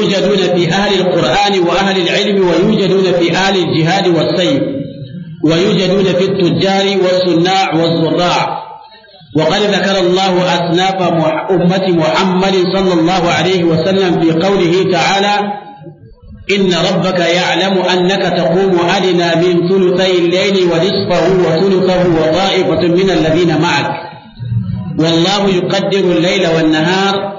يوجدون في أهل القرآن وأهل العلم ويوجدون في أهل الجهاد والسيف ويوجدون في التجار والصناع والزراع وقد ذكر الله أصناف أمة محمد صلى الله عليه وسلم في قوله تعالى إن ربك يعلم أنك تقوم أدنى من ثلثي الليل ونصفه وثلثه وطائفة من الذين معك والله يقدر الليل والنهار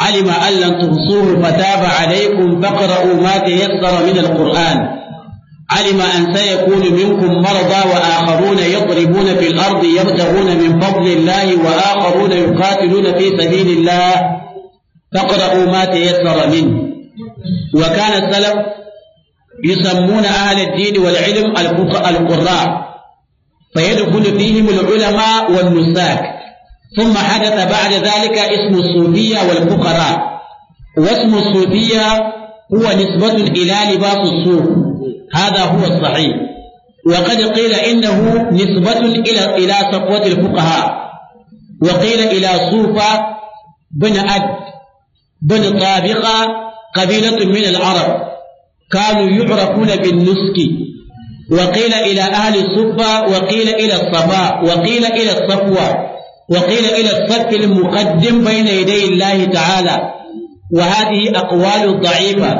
علم أن لن تحصوه فتاب عليكم فقرأوا ما تيسر من القرآن علم أن سيكون منكم مرضى وآخرون يضربون في الأرض يبتغون من فضل الله وآخرون يقاتلون في سبيل الله فقرأوا ما تيسر منه وكان السلف يسمون أهل الدين والعلم القراء فيدخل فيهم العلماء والنساك ثم حدث بعد ذلك اسم الصوفية والفقراء واسم الصوفية هو نسبة إلى لباس الصوف هذا هو الصحيح وقد قيل إنه نسبة إلى إلى صفوة الفقهاء وقيل إلى صوفة بن أد بن طابقة قبيلة من العرب كانوا يعرفون بالنسك وقيل إلى أهل الصفة وقيل إلى الصفاء وقيل إلى الصفوة وقيل إلى الصف المقدم بين يدي الله تعالى وهذه أقوال ضعيفة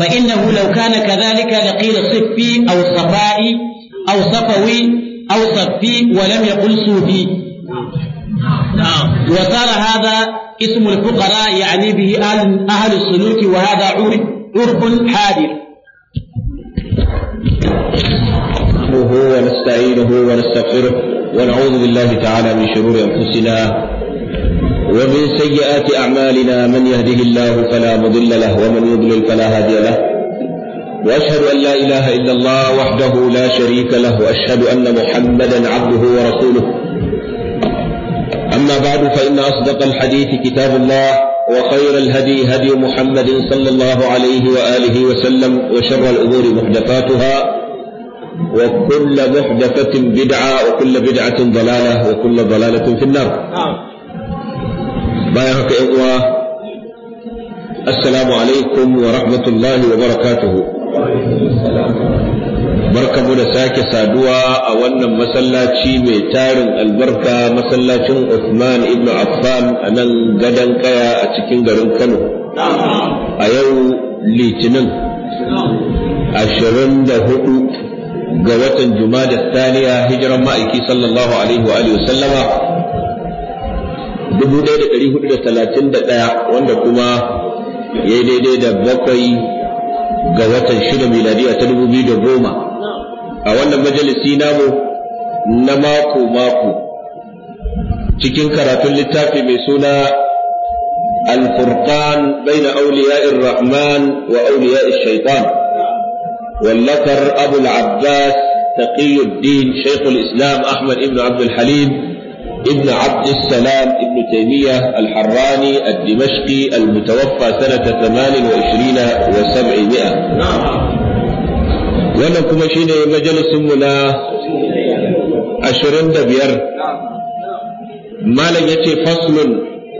فإنه لو كان كذلك لقيل صفي أو صفائي أو صفوي أو صفي ولم يقل صوفي وصار هذا اسم الفقراء يعني به أهل, أهل السلوك وهذا عرف, عرف حادر ونستعينه ونستغفره ونعوذ بالله تعالى من شرور أنفسنا ومن سيئات أعمالنا من يهده الله فلا مضل له ومن يضلل فلا هادي له واشهد ان لا اله الا الله وحده لا شريك له واشهد ان محمدا عبده ورسوله اما بعد فان اصدق الحديث كتاب الله وخير الهدي هدي محمد صلى الله عليه واله وسلم وشر الامور محدثاتها وكل محدثة بدعة وكل بدعة ضلالة وكل ضلالة في النار بايعك إخوة السلام عليكم ورحمة الله وبركاته barka mu da sake saduwa a wannan masallaci mai tarin albarka masallacin Usman, ibn Affan a nan gadon kaya a cikin garin Kano a yau litinin ashirin da hudu ga watan Jumada Saniya hijiran ma'aiki sallallahu alaihi wa alihi sallama 1431 wanda kuma ya yi daidai da bakwai ga watan shida miladiya ta dubu biyu da goma. a wannan majalisi namu na mako-mako cikin karatun littafi mai suna الفرقان Rahman wa الرحمن وأولياء Shaitan. والذكر أبو العباس تقي الدين شيخ الإسلام أحمد بن عبد الحليم ابن عبد السلام ابن تيمية الحراني الدمشقي المتوفى سنة ثمان وعشرين وسبعمائة wannan kuma shine majalisinmu na ashirin da biyar malam ya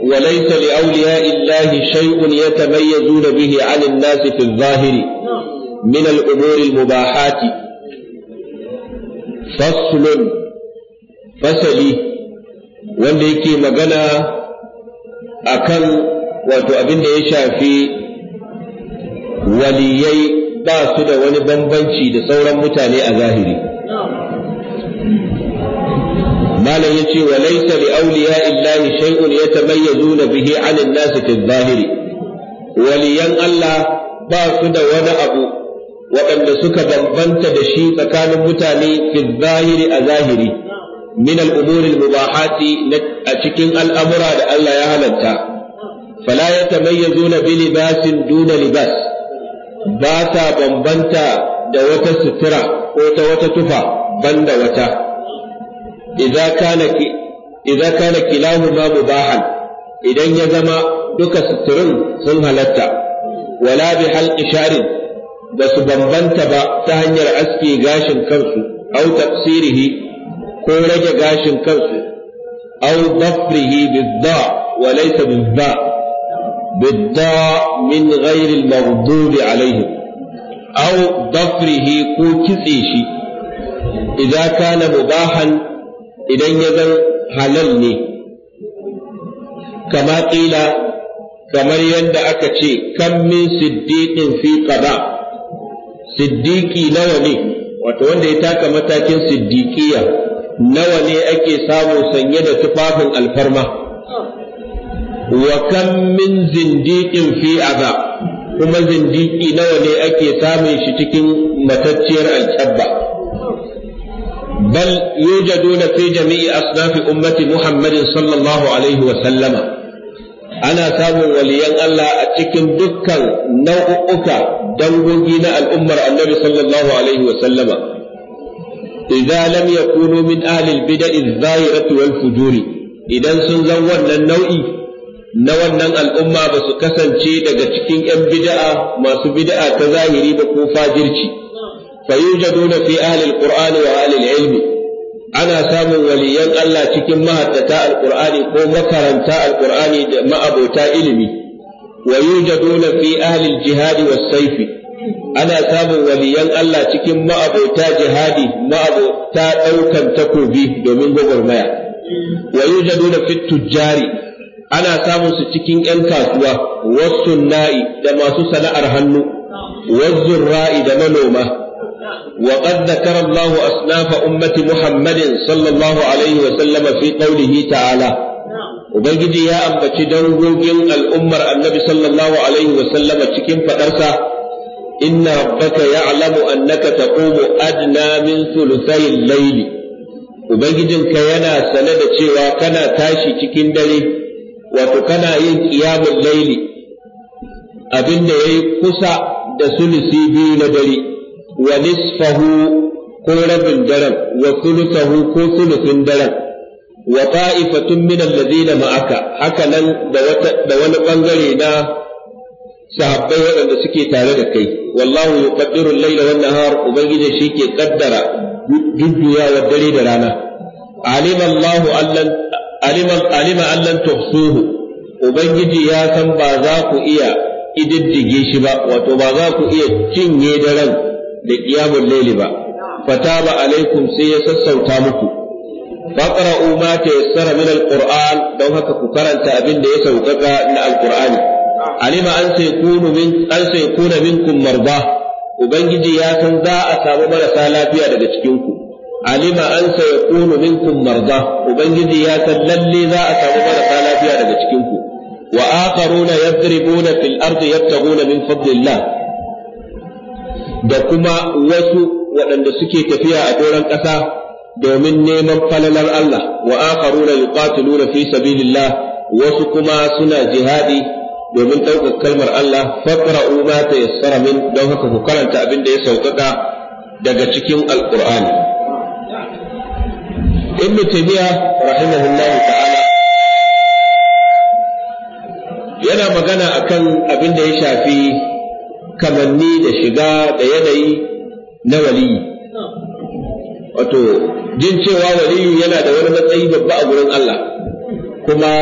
وليس لأولياء الله شيء يتميزون به عن الناس في الظاهر من الأمور المباحات فصل فسلي wanda yake magana akan wato abin da ya shafi waliyai ba su da wani bambanci da sauran mutane a zahiri malam ya ce wa laisa li auliya illahi shay'un yatamayyazuna bihi 'ala an-nasi fi zahiri waliyan Allah ba su da wani abu waɗanda suka bambanta da shi tsakanin mutane fi zahiri a zahiri min al'umuri mubahati a cikin al'amura da Allah ya halatta fala ya tamayyazu na bi libasin duna libas ba ta bambanta da wata sutura ko ta wata tufa banda wata Iza kana ki idza mubahan idan ya zama duka suturin sun halatta wala bi halqi sharin ba su bambanta ba ta hanyar aske gashin kansu au tafsirihi ko rage gashin kansu au dafrihi bidda wa laysa bidda bidda min ghairi al-maghdubi au dafrihi ko kitse shi idan kana mubahan idan ya zan halal ne kama kamar yadda aka ce kan min siddiqin fi qada' Siddiki nawa ne wato wanda ya taka matakin siddiƙiya nawa ne ake samu sanye da tufafin alfarma wa kan min zindiqin fi aza kuma zindiki nawa ne ake samun shi cikin matacciyar alkyabba bal yujaduna fi jami'i asnafi ummati muhammadin sallallahu alaihi wa sallama ana samun waliyan Allah a cikin dukkan nau'uka dangogi na al'ummar annabi sallallahu alaihi wa sallama lam yakunu min ahli al adh-dhahirati wal fujuri idan sun zan wannan nau'i na wannan al'umma ba su kasance daga cikin 'yan bid'a masu bid'a ta zahiri ba ko fajirci fa yujaduna fi ahli qurani wa ahli ilmi ana samun waliyan Allah cikin mahaddata al-qur'ani ko makaranta al-qur'ani da ma'abota ilimi wa yujaduna fi ahli al-jihad was ana samun waliyan Allah cikin ma'abota jihadi ma'abota ɗaukan takobi domin gwagwarmaya wa yujaduna fi tujjari ana samun su cikin 'yan kasuwa wasu na'i da masu sana'ar hannu wasu ra'i da manoma وقد ذكر الله أصناف ummati محمد صلى الله عليه وسلم في قوله تعالى ubangiji ya ambaci dangogin al'ummar annabi sallallahu alaihi wa cikin faɗarsa inna ya alamu annaka taqumu adna min thuluthayil layli ubangijinka yana sane da cewa kana tashi cikin dare wato kana yin qiyamul laili abinda yayi kusa da sulusi biyu na dare wa nisfahu ko rabin daren wa thuluthahu ko thulusin daren wa ta'ifatun min allazina ma'aka haka nan da wata da wani bangare na sahabbai waɗanda suke tare da kai wallahu yuqaddiru al-layla wan nahar ubangiji shi ke kaddara jujjuyawa dare da rana alima allahu allan alima alima allan tuhsuhu ubangiji ya san ba za ku iya ididdige shi ba wato ba za ku iya cinye daren da qiyamul layli ba fataba alaikum sai ya sassauta muku faqra'u ma tayassara min alquran don haka ku karanta abin da ya sauƙaƙa na alqur'ani alima an sai kunu min an sai kuna minkum marda ubangiji ya san za a samu marasa lafiya daga cikin ku alima an sai kunu minkum marda ubangiji ya san lalle za a samu marasa lafiya daga cikin ku wa akharuna yadribuna fil ardi yabtaguna min fadlillah da kuma wasu waɗanda suke tafiya a doron ƙasa domin neman falalar Allah wa akharuna yuqatiluna fi sabilillah wasu kuma suna jihadi domin ɗaukar kalmar Allah faqra'u ma tayassara min don haka ku karanta abin da ya sauƙaƙa daga cikin alqur'ani ibnu taymiya rahimahullahu ta'ala yana magana akan abin da ya shafi kamanni da shiga da yanayi na waliyi wato jin cewa waliyu yana da wani matsayi babba a gurin Allah kuma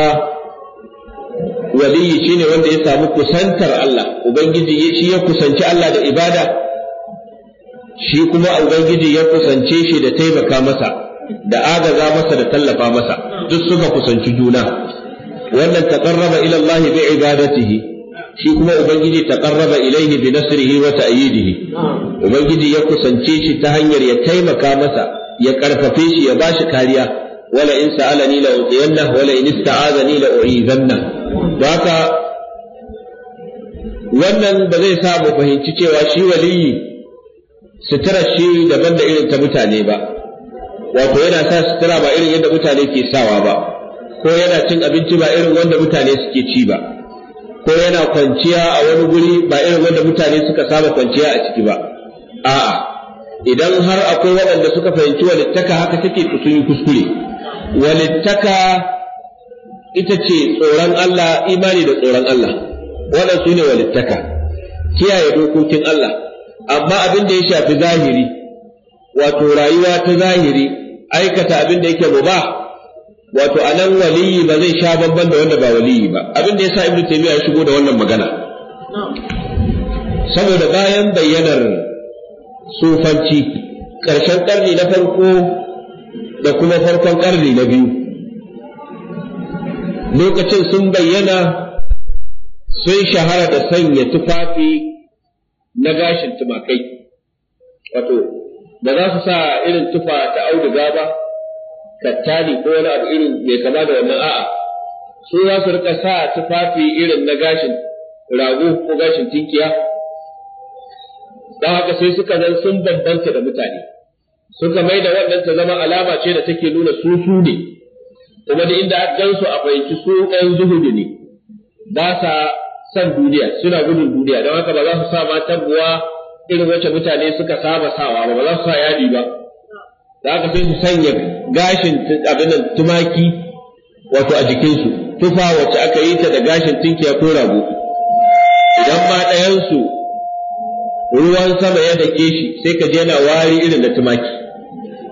waliyi shine wanda ya samu kusantar Allah ubangiji shi ya kusanci Allah da ibada shi kuma ubangiji ya kusance shi da taimaka masa da agaza masa da tallafa masa duk suka kusanci juna wannan taqarraba ila Allah bi ibadatihi shi kuma ubangiji ta ƙarraba ilaihi bi nasrihi wa ta'yidihi ubangiji ya kusance shi ta hanyar ya taimaka masa ya karfafe shi ya shi kariya wala in sa'alani la uqiyanna wala in ista'azani la u'izanna haka wannan ba zai sa mu fahimci cewa shi waliyi sutura shi daban da irin ta mutane ba wato yana sa sutura ba irin yadda mutane ke sawa ba ko yana cin abinci ba irin wanda mutane suke ci ba ko yana kwanciya a wani guri ba irin wanda mutane suka saba kwanciya a ciki ba a'a idan har akwai waɗanda suka fahimci walittaka haka take kusuri kuskure walittaka ita ce tsoron Allah imani da tsoron Allah wannan ne walittaka kiyaye dokokin Allah amma abin da ya shafi zahiri wato rayuwa ta zahiri aikata abin da yake mubah wato anan waliyi ba zai sha babban da wanda ba waliyi ba abin da ya sa ibnu taymiya ya shigo da wannan magana saboda bayan bayyanar sufanci ƙarshen ƙarni na farko da kuma farkon ƙarni na biyu lokacin sun bayyana sun shahara da sanya tufafi na gashin tumakai wato "Ba za su sa irin tufa ta auduga ba tattali ko wani abu irin mai kama da wannan a'a su za su rika sa tufafi irin na gashin rago ko gashin tinkiya don haka sai suka zan sun bambanta da mutane suka mai da wannan ta zama alama ce da take nuna su su ne kuma da inda gan su a fahimci su ɗan zuhudu ne ba sa san duniya suna gudun duniya don haka ba za su sa ma irin wacce mutane suka saba sawa ba ba za su sa yadi ba da aka sai su sanya gashin abin tumaki wato a jikinsu tufa wacce aka yi ta da gashin tinkiya ko rago idan ma ɗayansu ruwan sama ya dake shi sai ka je yana wari irin da tumaki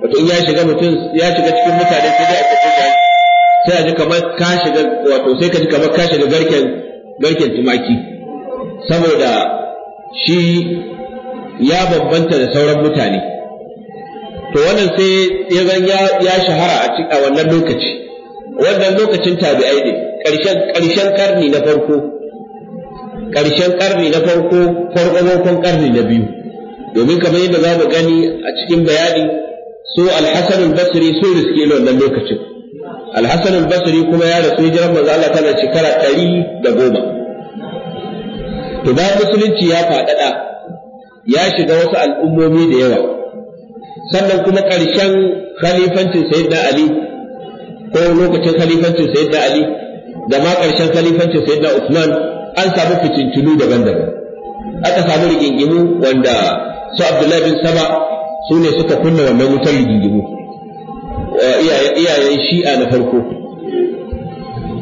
wato in ya shiga mutum ya shiga cikin mutane sai dai a tafi da sai a ji kamar ka shiga wato sai ka ji kamar ka shiga garken garken tumaki saboda shi ya bambanta da sauran mutane to wannan sai ya zan ya shahara a wannan lokaci wannan lokacin tabi'ai ne ƙarshen karni na farko ƙarshen karni na farko farko karni na biyu domin kamar yadda za mu gani a cikin bayani su alhassan al-basri su riske wannan lokacin alhassan al-basri kuma ya rasu hijiran manzo Allah tana shekara ɗari da goma to bayan musulunci ya faɗaɗa ya shiga wasu al'ummomi da yawa sannan kuma ƙarshen khalifancin da ali ko lokacin khalifancin da ali da ma ƙarshen khalifancin da usman an samu fitintunu daban-daban aka samu rigingimu wanda su abdullahi bin saba su ne suka kunna wannan wutar rigingimu iyayen shi'a na farko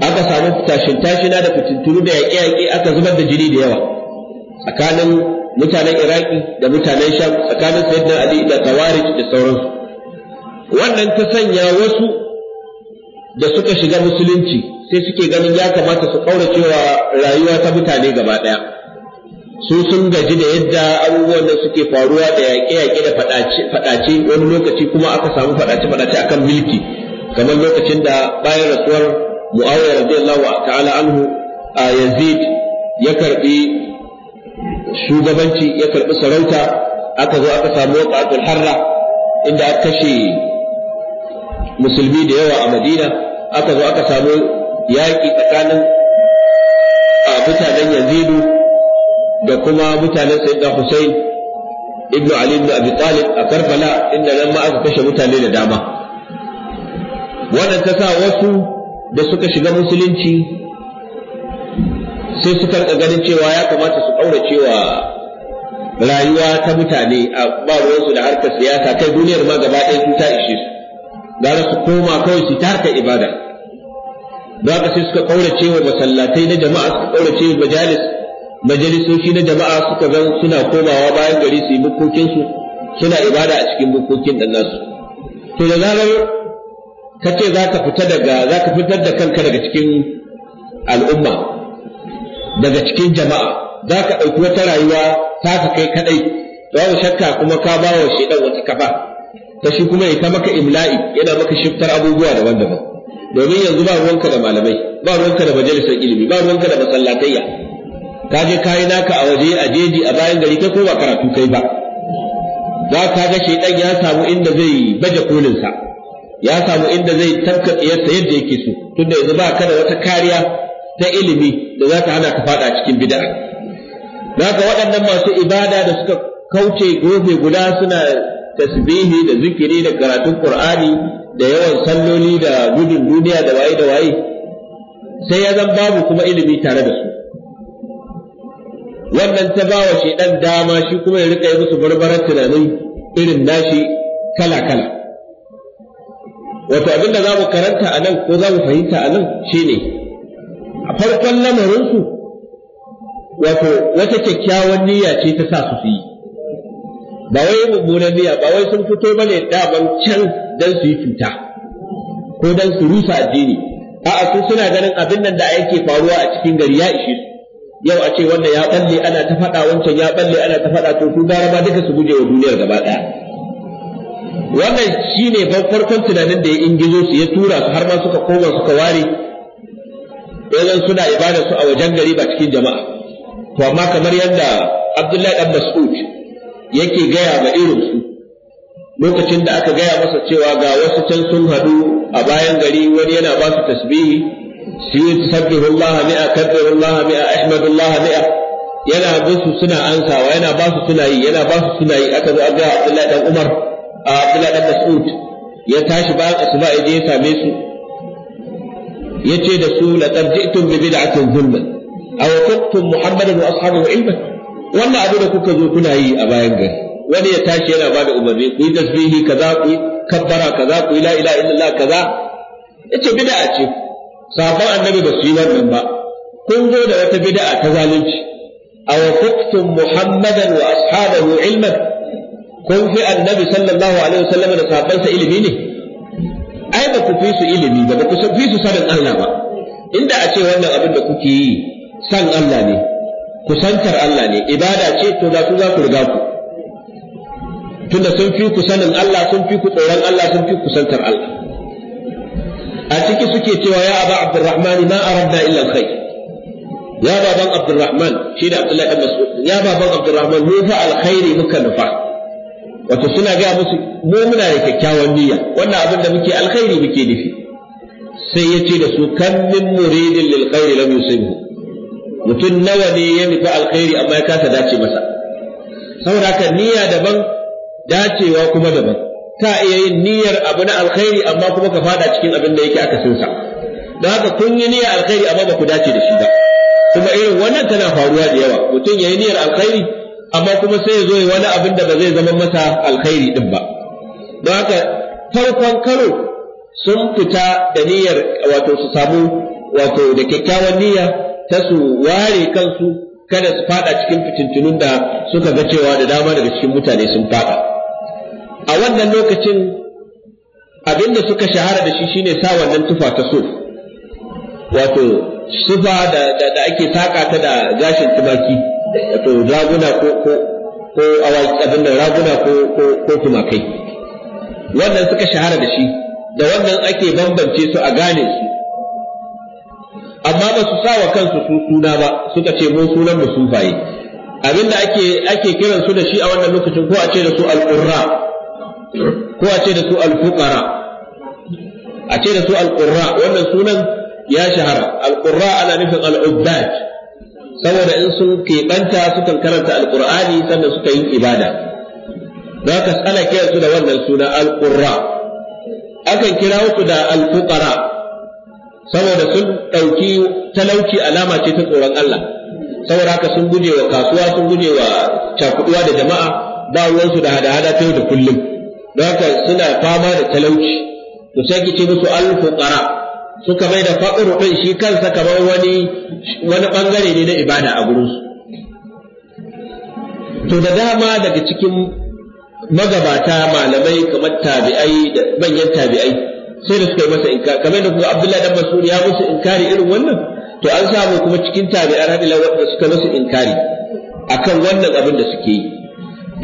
aka samu tashin tashina da fitintunu da yaƙe-yaƙe aka zubar da jini da yawa tsakanin mutanen iraki da mutanen sham tsakanin sayyidina ali da tawarij da sauransu wannan ta sanya wasu da suka shiga musulunci sai suke ganin ya kamata su cewa rayuwa ta mutane gaba ɗaya su sun gaji da yadda abubuwan da suke faruwa da yaƙe-yaƙe da faɗace wani lokaci kuma aka samu faɗace-faɗace akan milki kamar lokacin da bayan rasuwar mu'awiyar radiyallahu ta'ala anhu a yazid ya karɓi. shugabanci ya karɓi sarauta aka zo aka samu waƙaƙul harra inda aka kashe musulmi da yawa a madina aka zo aka samu yaƙi tsakanin a mutanen yazidu da kuma mutanen sayyidina hussein ibnu ali ibn abi talib a karfala inda nan ma aka kashe mutane da dama wannan ta sa wasu da suka shiga musulunci sai suka rika ganin cewa ya kamata su ƙaura cewa rayuwa ta mutane a ba su da harkar siyasa kai duniyar ma gaba ɗaya su ta ishe su gara su koma kawai su tarka ibada don haka sai suka kaura cewa masallatai na jama'a suka kaura cewa majalis majalisoshi na jama'a suka zan suna komawa bayan gari su yi bukukinsu, suna ibada a cikin bukukin ɗan nasu to da zarar ka ce za ka fita daga za ka fitar da kanka daga cikin al'umma daga cikin jama'a za ka ɗauki wata rayuwa ta ka kai kaɗai babu shakka kuma ka ba wa shaidan wata kafa ta shi kuma ya ta maka imla'i yana maka shiftar abubuwa daban-daban domin yanzu ba ruwanka da malamai ba ruwanka da majalisar ilimi ba ruwanka da masallatayya ka je kayi naka a waje a jeji a bayan gari kai ko ba karatu kai ba za ka ga shaidan ya samu inda zai baje kolinsa ya samu inda zai tafka iyarsa yadda yake so tunda yanzu ba ka da wata kariya ta ilimi da za ta hana ka fada cikin bid'a haka waɗannan masu ibada da suka kauce gobe guda suna tasbihi da zikiri da karatun qur'ani da yawan salloli da gudun duniya da waye da waye sai ya zan babu kuma ilimi tare da su wannan ta ba wa shaidan dama shi kuma ya rika yi musu barbarar tunanin irin nashi kala-kala wato abin da za mu karanta a nan ko za mu fahimta a nan shine a farkon lamarinsu wato wata kyakkyawan niyya ce ta sa su fi. ba wai mummunan niyya ba wai sun fito bane daban can dan su yi cuta ko dan su rusa addini a'a su suna ganin abin nan da yake faruwa a cikin gari ya ishe su yau a ce wanda ya balle ana ta faɗa wancan ya balle ana ta faɗa to su gara ba duka su guje wa duniyar gaba ɗaya wannan shine farkon tunanin da ya ingizo su ya tura su har ma suka koma suka ware yanzu suna ibada su a wajen gari ba cikin jama'a to amma kamar yadda Abdullahi dan Mas'ud yake gaya ma irin su lokacin da aka gaya masa cewa ga wasu can sun hadu a bayan gari wani yana ba su tasbihi su yi sabbihullah mi'a kabbirullah mi'a ahmadullah mi'a yana musu suna ansawa yana ba su suna yi yana ba su suna yi aka zo ga Abdullahi dan Umar a Abdullahi dan Mas'ud ya tashi bayan asuba ya je ya same su yace da su laqad ji'tum bi bid'atin dhulma aw kuntum muhammadan wa ashabahu ilma wannan abin da kuka zo kuna yi a bayan gari wani ya tashi yana bada umarni ku yi tasbihi kaza ku yi kabbara kaza ku yi la ilaha illallah kaza yace bid'a ce sahabban annabi ba su yi wannan ba kun zo da wata bid'a ta zalunci aw kuntum muhammadan wa ashabahu ilma kun fi annabi sallallahu alaihi wasallam da sahabbansa ilimi ne ai ba ku fi su ilimi ba ba ku fi su sanin Allah ba inda a ce wannan abin da kuke yi san Allah ne kusantar Allah ne ibada ce to da su za ku riga ku tunda sun fi ku sanin Allah sun fi ku tsoron Allah sun fi kusantar Allah a ciki suke cewa ya aba Abdurrahman ma aradna illa alkhair ya baban Abdurrahman shi da Abdullahi ibn Mas'ud ya baban Abdurrahman mu fa alkhairi muka nufa wato suna gaya musu mu muna da kyakkyawan niyya wannan abin da muke alkhairi muke nufi sai ya ce da su kan min muridin lil khairi lam yusibhu mutum nawa ne ya nufi alkhairi amma ya kasa dace masa saboda haka niyya daban dacewa kuma daban ta iya yin niyyar abu na alkhairi amma kuma ka fada cikin abin da yake akasin sa don haka kun yi niyyar alkhairi amma ba ku dace da shi ba kuma irin wannan tana faruwa da yawa mutum ya yi niyyar alkhairi amma kuma sai ya zo ya wani abin da ba zai zama masa alkhairi din ba don haka farkon karo sun fita da niyyar wato su samu wato da kyakkyawan niyya ta su ware kansu kada su fada cikin fitintunun da suka ga cewa da dama daga cikin mutane sun fada a wannan lokacin abin da suka shahara da shi shine sa wannan tufa ta so wato sufa da ake saka ta da gashin tumaki wato raguna ko ko ko abin da raguna ko ko ko tumakai wannan suka shahara da shi da wannan ake bambance su a gane su amma ba su sa wa kansu su suna ba suka ce mu sunan mu sufaye abin da ake ake kiran su da shi a wannan lokacin ko a ce da su al-qurra ko a ce da su al-fuqara a ce da su al-qurra wannan sunan ya shahara al-qurra ana nufin al-ubbad saboda in sun keɓanta sukan karanta alqur'ani sannan suka yi ibada za ka kiran su da wannan suna alqurra akan kira su da alfuqara saboda sun ɗauki talauci alama ce ta tsoron Allah saboda haka sun guje wa kasuwa sun guje wa cakuduwa da jama'a ba ruwansu da hada-hada ta yau da kullum don haka suna fama da talauci to sai ki ce musu alfuqara suka mai da faɗin ɗin shi kansa kamar wani wani ɓangare ne na ibada a gurinsu. To da dama daga cikin magabata malamai kamar tabi'ai da manyan tabi'ai sai da suka yi masa inka kamar da kuma Abdullahi dan Mas'ud ya musu inkari irin wannan to an samu kuma cikin tabi'ar hadila wanda suka musu inkari akan wannan abin da suke yi.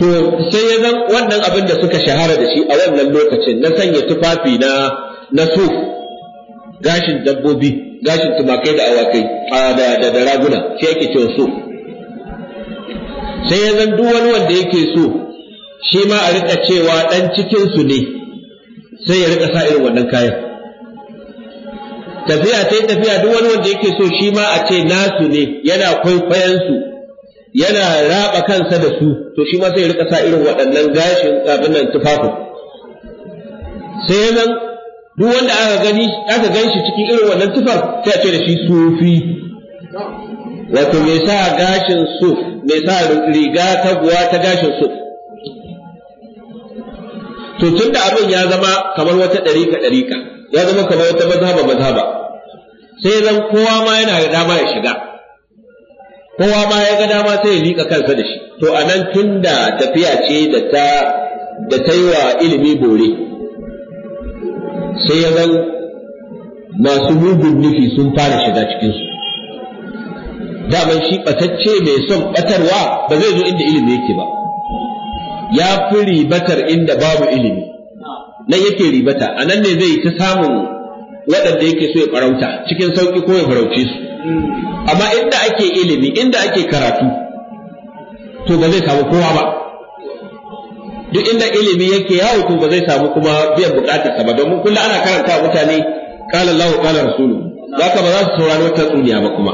To sai ya zan wannan abin da suka shahara da shi a wannan lokacin na sanya tufafi na na suf gashin dabbobi gashin tumakai da awakai da da raguna sai yake cewa so sai ya zan duk wani wanda yake so shi ma a rika cewa dan cikin su ne sai ya rika sa irin wannan kayan tafiya sai tafiya duk wani wanda yake so shi ma a ce nasu ne yana kwaikwayon su yana raba kansa da su to shi ma sai ya rika sa irin waɗannan gashin kafin nan tufafin sai ya zan duk wanda aka gani aka gan shi cikin irin wannan tufar sai a ce da shi sufi wato me sa gashin su me sa riga ta buwa ta gashin su to tun da abin ya zama kamar wata ɗarika ɗarika ya zama kamar wata mazhaba mazhaba sai zan kowa ma yana da dama ya shiga kowa ma ya ga dama sai ya liƙa kansa da shi to anan tun da tafiya ce da ta da ta yi wa ilimi bore sai ya zan masu mugun nufi sun fara shiga cikinsu daman shi ɓatacce mai son ɓatarwa ba zai zo inda ilimi yake ba ya fi ribatar inda babu ilimi nan yake ribata a nan ne zai yi ta samun waɗanda yake so ya farauta cikin sauƙi ko ya farauce su amma inda ake ilimi inda ake karatu to ba zai samu kowa ba duk inda ilimi yake yawo to ba zai samu kuma biyan bukatarsa ba domin kullum ana karanta mutane qala Allah qala rasulu zaka ba za su saurari wata tsuniya ba kuma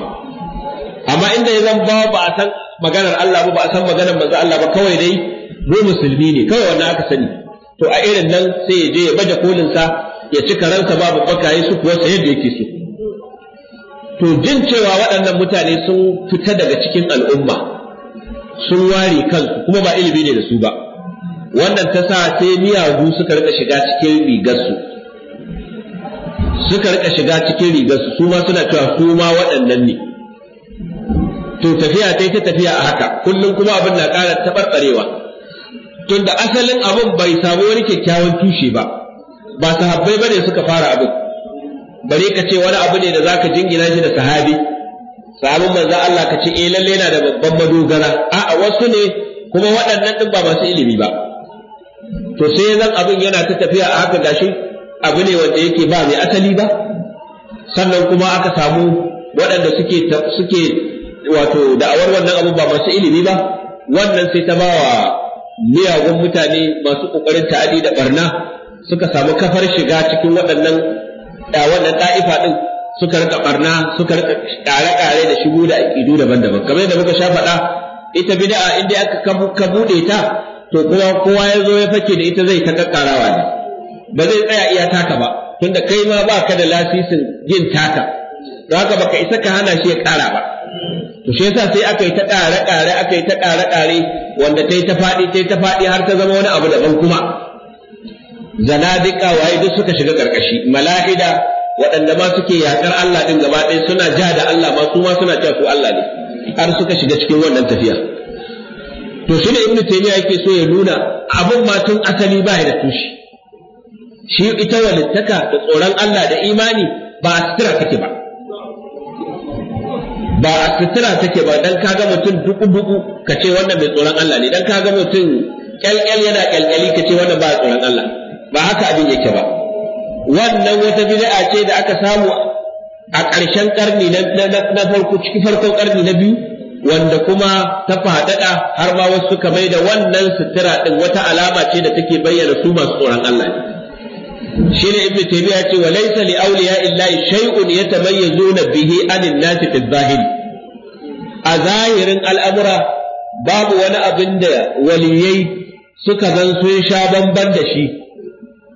amma inda ya zan ba ba a san maganar Allah ba ba a san maganar manzo Allah ba kawai dai mu musulmi ne kawai wannan aka sani to a irin nan sai ya je ya baje kolin sa ya ci karansa babu bakaye su kuwa sai yadda yake so to jin cewa waɗannan mutane sun fita daga cikin al'umma sun ware kansu kuma ba ilimi ne da su ba wannan ta sa sai miyagu suka rika shiga cikin rigarsu suka rika shiga cikin rigarsu su ma suna cewa su waɗannan ne to tafiya ta ta tafiya a haka kullum kuma abin na ƙara taɓarɓarewa tunda asalin abin bai samu wani kyakkyawan tushe ba ba sahabbai bane suka fara abin bare ka ce wani abu ne da zaka jingina shi da sahabi sahabin manzo Allah ka ce eh lalle yana da babban madogara a'a wasu ne kuma waɗannan din ba masu ilimi ba to sai zan abin yana ta tafiya a haka gashi abu ne wanda yake ba mai asali ba sannan kuma aka samu waɗanda suke suke wato da'awar wannan abu ba masu ilimi ba wannan sai ta bawa miyagun mutane masu ƙoƙarin ta'adi da barna suka samu kafar shiga cikin waɗannan wannan ɗa'ifa ɗin suka rika barna suka rika ƙare-ƙare da shigo da aƙidu daban-daban kamar yadda muka sha faɗa ita bid'a in dai aka ka buɗe ta to kuma kowa ya zo ya fake da ita zai ta kakkarawa ne ba zai tsaya iya taka ba tunda kai ma ba ka da lasisin yin taka don haka baka isa ka hana shi ya kara ba to shi yasa sai aka yi ta ƙare ƙare aka yi ta ƙare ƙare wanda ta yi ta faɗi ta yi ta faɗi har ta zama wani abu daban kuma zanadika waye duk suka shiga ƙarƙashi mala'ida waɗanda ma suke yaƙar Allah ɗin gaba ɗaya suna ja da Allah ma su ma suna cewa su Allah ne har suka shiga cikin wannan tafiya. to shi ne ibn taymiya yake so ya nuna abin ma tun asali ba ya da tushe shi ita walittaka da tsoron Allah da imani ba a sutura take ba ba a sutura take ba dan kaga mutum duku duku ka ce wannan mai tsoron Allah ne dan kaga mutum kyalkyal yana kyalkyali ka ce wannan ba tsoron Allah ba haka abin yake ba wannan wata bid'a ce da aka samu a ƙarshen ƙarni na farko cikin farkon ƙarni na biyu wanda kuma ta faɗaɗa har ma wasu suka mai da wannan sutura ɗin wata alama ce da take bayyana su masu tsoron Allah shi ne ibnu taymiya ce wa laysa li awliya illahi shay'un yatamayyazuna bihi anin nasi fi zahiri a zahirin al'amura babu wani abin da waliyai suka zan sun sha bamban da shi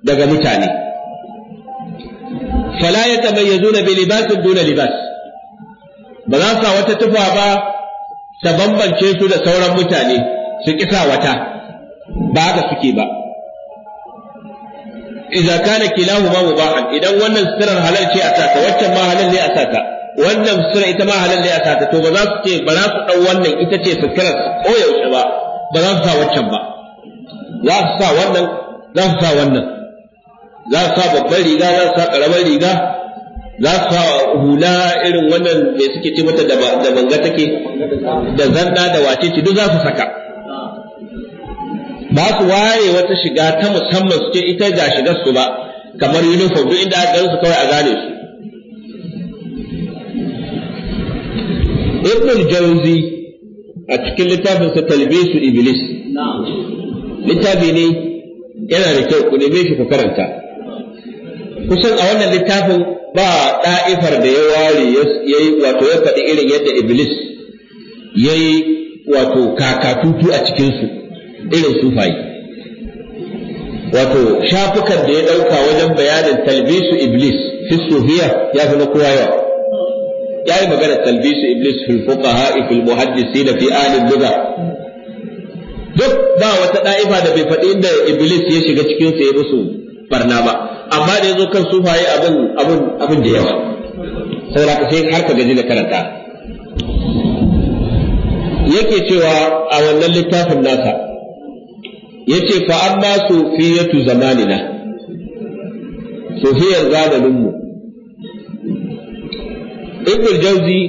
daga mutane fala yatamayyazuna bi libasin duna libas ba za su wata tufa ba ta bambance su da sauran mutane su kisa wata ba haka suke ba idza kana kilahuma mubahan idan wannan sirar halal ce a sata, waccan ma halal ne a sata, wannan sura ita ma halal ne a sata, to ba za su ce ba za su dau wannan ita ce sirrar ko yaushe ba ba za su sa waccan ba za su sa wannan za su sa wannan za su sa babbar riga za su sa karamar riga za su hula irin wannan da suke ce mata da banga take da zanda da wace ce duk za su saka ba su waye wata shiga ta musamman suke ita ga shigar su ba kamar uniform duk inda aka su kawai a gane su ibn jauzi a cikin littafin sa talbisu iblis littafi ne yana da kyau ku neme shi ku karanta kusan a wannan littafin ba ɗa'ifar da ya ware ya yi wato ya faɗi irin yadda Iblis ya yi wato kakatutu a cikinsu irin sufayi. Wato shafukan da ya ɗauka wajen bayanin talbisu Iblis fi sufiya ya fi na kowa yawa. Ya yi magana talbisu Iblis fil fuqaha fil muhaddisina fi alin lugha duk ba wata ɗa'ifa da bai faɗi inda Iblis ya shiga cikinsu ya musu barna ba amma da yazo kan sufaye abin abin abin da yawa saboda ka sai har ka gaji da karanta yake cewa a wannan littafin nasa yace fa amma sufiyatu zamanina sufiyar zamaninmu ibnu jauzi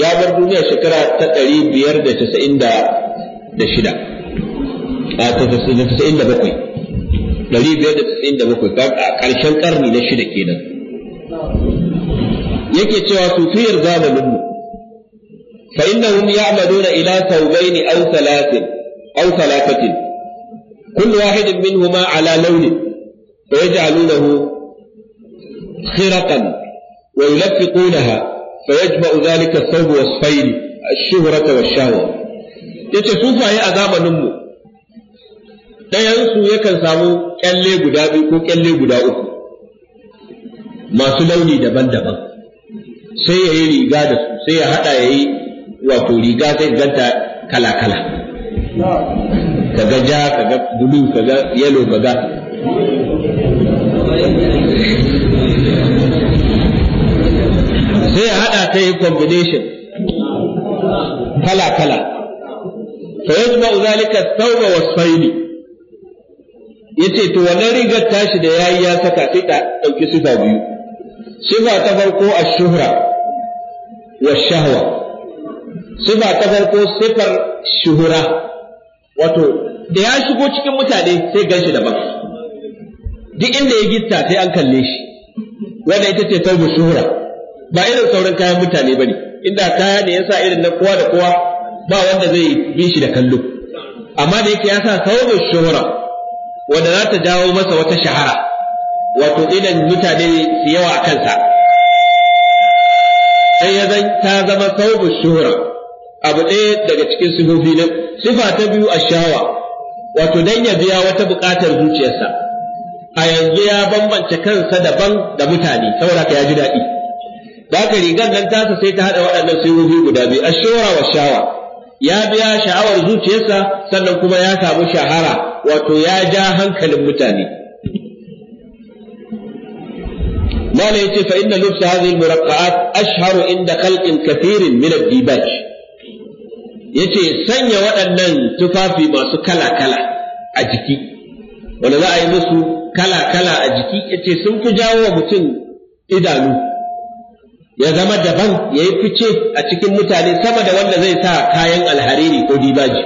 ya bar duniya shekara ta ɗari biyar da casa'in da shida a tasa'in da bakwai ɗari biyar da tsayin da bakwai a ƙarshen ƙarni na shida kenan yake cewa sufiyar zamanin mu fa innahum ya'maluna ila thawbayn aw thalathin aw thalathatin kullu wahidin minhuma ala lawnin fa yaj'alunahu khiraqan wa yulafiqunaha fa yajma'u dhalika ath-thawb wasfayn ash-shuhrata wash-shahwa yace sufaye a zamanin mu ɗayansu yakan samu ƙyalle guda biyu ko ƙyalle guda uku masu launi daban-daban sai ya yi riga da su sai ya haɗa ya yi wato riga sai ganta kala-kala kaga ja kaga bulu kaga yalo kaga sai ya haɗa ta yi combination kala-kala fa yajma'u zalika thawba was-sayli Ya ce to wannan rigar tashi da yayi ya saka sai ta dauki sifa biyu sifa ta farko ash-shuhra wa shahwa sifa ta farko sifar shuhura wato da ya shigo cikin mutane sai ganshi daban duk inda ya gitta sai an kalle shi wanda ita ce taubu shuhura ba irin sauran kayan mutane ba ne. inda kaya ne yasa irin na kowa da kowa ba wanda zai bi shi da kallo amma da yake ya sa taubu shuhura wanda za ta jawo masa wata shahara wato idan mutane su yawa a kansa sai ya zan ta zama saubu shuhura abu ɗaya daga cikin sufofi na Sufa ta biyu a shawa wato dan ya biya wata buƙatar zuciyarsa a yanzu ya bambance kansa daban da mutane saboda ka ya ji daɗi da haka rigar nan tasa sai ta haɗa waɗannan sifofi guda biyu shura wa shawa ya biya sha'awar zuciyarsa sannan kuma ya samu shahara wato ya ja hankalin mutane Mala ya ce fa inna lubsa hadhihi al ashharu inda khalqin kathirin min ad-dibaj yace sanya waɗannan tufafi masu kala-kala a jiki wanda za a yi musu kala-kala a jiki yace sun fi jawo mutum idanu ya zama daban ya yi fice a cikin mutane sama da wanda zai sa kayan alhariri ko dibaji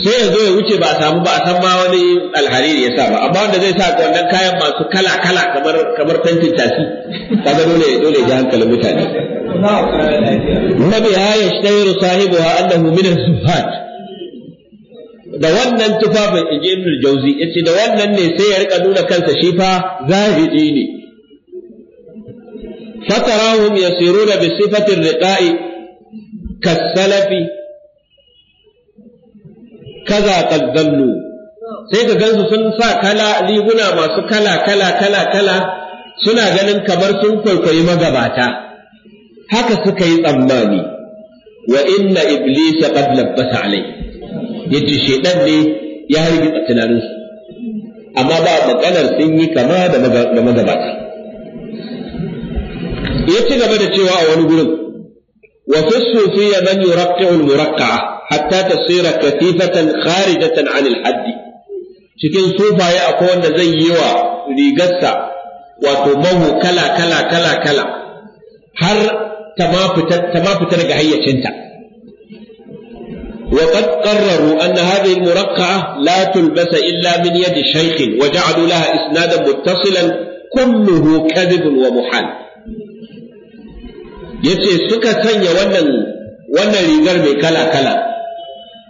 sai ya zo ya wuce ba a samu ba a san ma wani alhariri ya sa ba amma wanda zai sa wannan kayan masu kala kala kamar kamar tantin tasi kaga dole dole ji hankalin mutane nabi ya sahibu wa annahu min az-zuhat da wannan tufafin ijibul jauzi yace da wannan ne sai ya rika nuna kansa shi fa zahidi ne fatarahum yasiruna bi sifati riqa'i kasalafi kaza qaddallu sai ka gansu sun sa kala riguna masu kala kala kala suna ganin kamar sun kwaikwayi magabata haka suka yi tsammani wa inna iblisa qad labbasa alai yace shedan ne ya harbi tunaninsu amma ba maganar sun yi kama da magabata ya ci gaba da cewa a wani gurin wa fi sufiyya man yuraqqi'u al-muraqqa hatta tasira katifatan kharijatan 'an al-hadd cikin sufaye akwai wanda zai yi wa rigarsa wato mahu kala kala kala kala har ta ma fita daga hayyacinta وقد قرروا أن هذه المرقعة لا تلبس إلا من يد شيخ وجعلوا لها إسنادا متصلا كله كذب ومحال yace suka sanya wannan wannan rigar mai kala-kala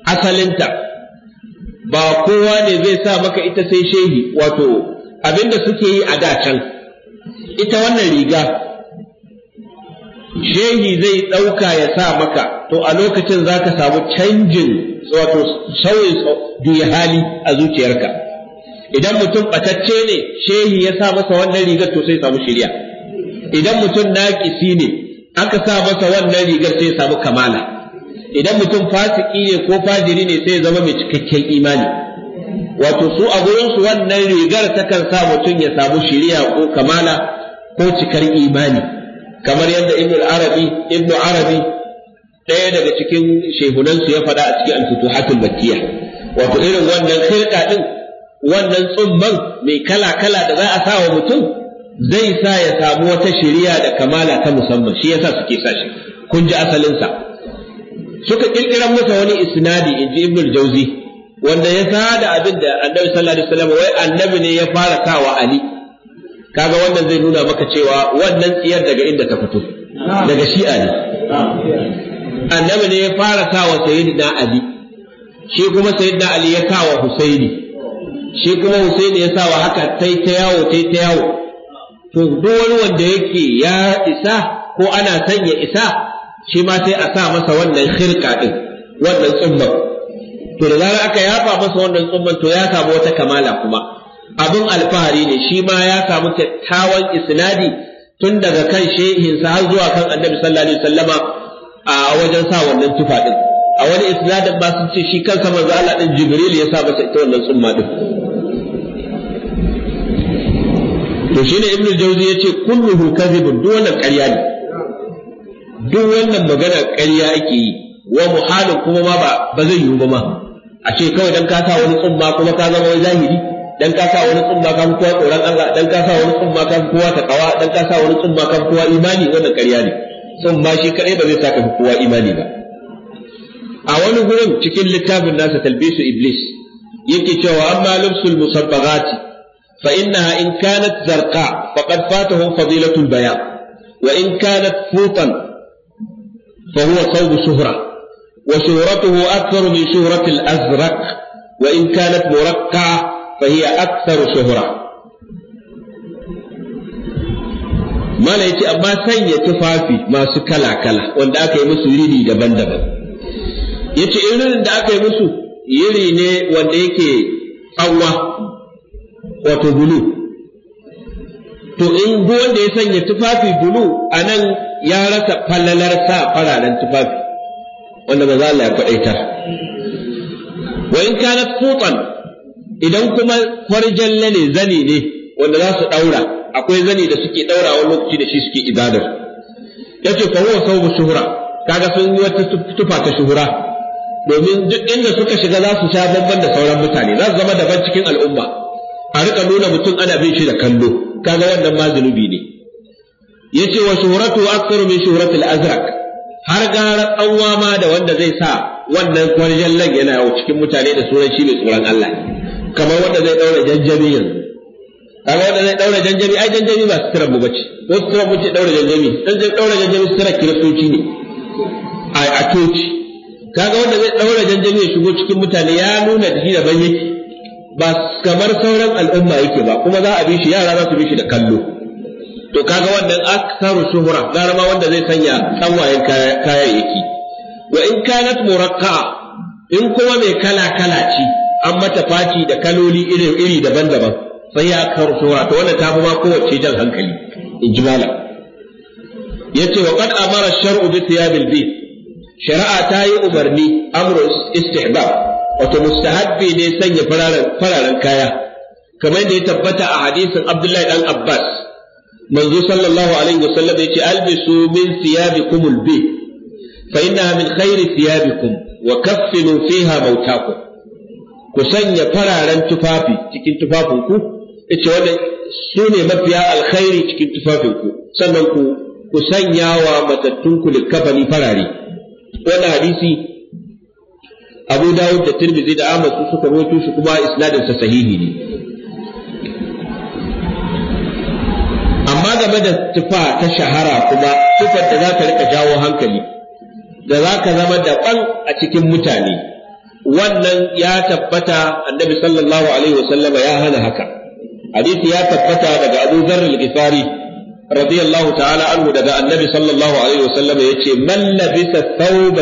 asalinta ba kowa ne zai sa maka ita sai shehi wato abinda suke yi a da can ita wannan riga shehi zai ɗauka ya sa maka to a lokacin za ka samu canjin wato sauyin juya hali a zuciyarka idan mutum ɓatacce ne shehi ya sa masa wannan rigar to sai samu shirya idan mutum naƙisi ne aka sa masa wannan rigar sai ya samu kamala idan mutum fasiki ne ko fajiri ne sai ya zama mai cikakken imani wato su a gurinsu wannan rigar takan sa mutum ya samu shiriya ko kamala ko cikar imani kamar yadda ibnu arabi ibnu arabi ɗaya daga cikin su ya faɗa a cikin al-futuhatul makkiya wato irin wannan khirqa din wannan tsumman mai kala kala da za a sa mutum zai sa ya samu wata shiriya da kamala ta musamman shi yasa suke sa shi kun ji asalinsa suka kirkira masa wani isnadi in ji ibnul jauzi wanda ya sada abin da annabi sallallahu alaihi wasallam wai annabi ne ya fara kawa ali kaga wannan zai nuna maka cewa wannan tsiyar daga inda ta fito daga shi Ali. annabi ne ya fara kawa sayyidina ali shi kuma sayyidina ali ya kawa husaini shi kuma husaini ya sawa haka tai ta yawo tai ta yawo to duk wani wanda yake ya isa ko ana son ya isa shi ma sai a sa masa wannan shirka din wannan tsumman to da zarar aka yafa masa wannan tsumman to ya samu wata kamala kuma abin alfahari ne shi ma ya samu kyakkyawan isnadi tun daga kan shehinsa har zuwa kan annabi sallallahu alaihi wasallama a wajen sa wannan tufa din a wani isnadin ba sun ce shi kansa manzo Allah din Jibril ya sa masa ita wannan tsumma din to ne ibnu jauzi ya yace kulluhu kadhibun duk wannan ƙarya ne duk wannan magana ƙarya ake yi wa muhalin kuma ma ba ba zai yiwu ba ma a ce kawai dan ka sa wani tsumma kuma ka zama wani zahiri dan ka sa wani tsumma ka kowa tsoron Allah dan ka sa wani tsumma ka kowa kawa dan ka sa wani tsumma ka kowa imani wannan ƙarya ne tsumma shi kadai ba zai saka kowa imani ba a wani gurin cikin littafin nasa talbisu iblis yake cewa amma lubsul musabbagati fa innaha in kanat zarqa faqad fatahu fadilatul bayan wa in kanat futan fa huwa thawb shuhra wa shuhratuhu akthar min shuhrati al-azraq wa in kanat muraqqa'a fa hiya akthar shuhra mala yace amma sanya tufafi masu kala kala wanda aka yi musu rini daban-daban irin da aka yi musu yiri ne wanda yake tsawa wato bulu to in duk wanda ya sanya tufafi bulu a nan ya rasa fallalar sa fararen tufafi wanda ba za Allah ya kwaɗaita wa in kana tutan idan kuma kwarjalle ne zani ne wanda za su ɗaura akwai zani da suke ɗaura wani lokaci da shi suke ibadar ya ce fa huwa shuhura kaga sun yi wata tufa ta shuhura domin duk inda suka shiga za su sha bamban da sauran mutane za su zama daban cikin al'umma a rika nuna mutum ana bin shi da kallo kaga wannan ma zunubi ne yace wa shuhratu aktsaru min shuhrati al har gara tsawwa ma da wanda zai sa wannan kwarjan lag yana cikin mutane da sunan shi mai tsoron Allah kamar wanda zai daura janjami yanzu kaga wanda zai daura janjami ai janjami ba su mu bace ko suturar mu ce daura janjami dan zai daura janjami suturar kiristoci ne a toci kaga wanda zai daura janjami ya shigo cikin mutane ya nuna da shi daban yake ba kamar sauran al'umma yake ba kuma za a bi shi yara za su bi shi da kallo to kaga wannan aksaru shuhura garama wanda zai sanya tsawayen kayayyaki wa in kanat muraqqa in kuma mai kala kala ce an mata faci da kaloli iri iri daban-daban sai ya aksaru shuhura to wannan tafi ma kowace jan hankali in yace wa qad amara shar'u bi thiyabil bayt shari'a ta yi umarni amru istihbab wato mustahabbi ne sanya fararen kaya kamar da ya tabbata a hadisin Abdullahi dan Abbas manzo sallallahu alaihi wasallam yace albisu min thiyabikum albi fa innaha min khairi thiyabikum wa kaffinu fiha mautakum ku sanya fararen tufafi cikin tufafinku yace wannan su ne mafiya alkhairi cikin tufafinku sannan ku ku sanya wa matattunku likafani farare wannan hadisi Abu Dawud da Tirmidhi da Ahmad su suka rawaito shi kuma isnadin sa sahihi ne amma game da tufa ta shahara kuma tufar da za ka rika jawo hankali da za ka zama daban a cikin mutane wannan ya tabbata annabi sallallahu alaihi wasallama ya hana haka hadisi ya tabbata daga Abu Dharr al-Ghifari رضي الله تعالى عنه دقى النبي صلى الله عليه وسلم يتي من لبس ثوب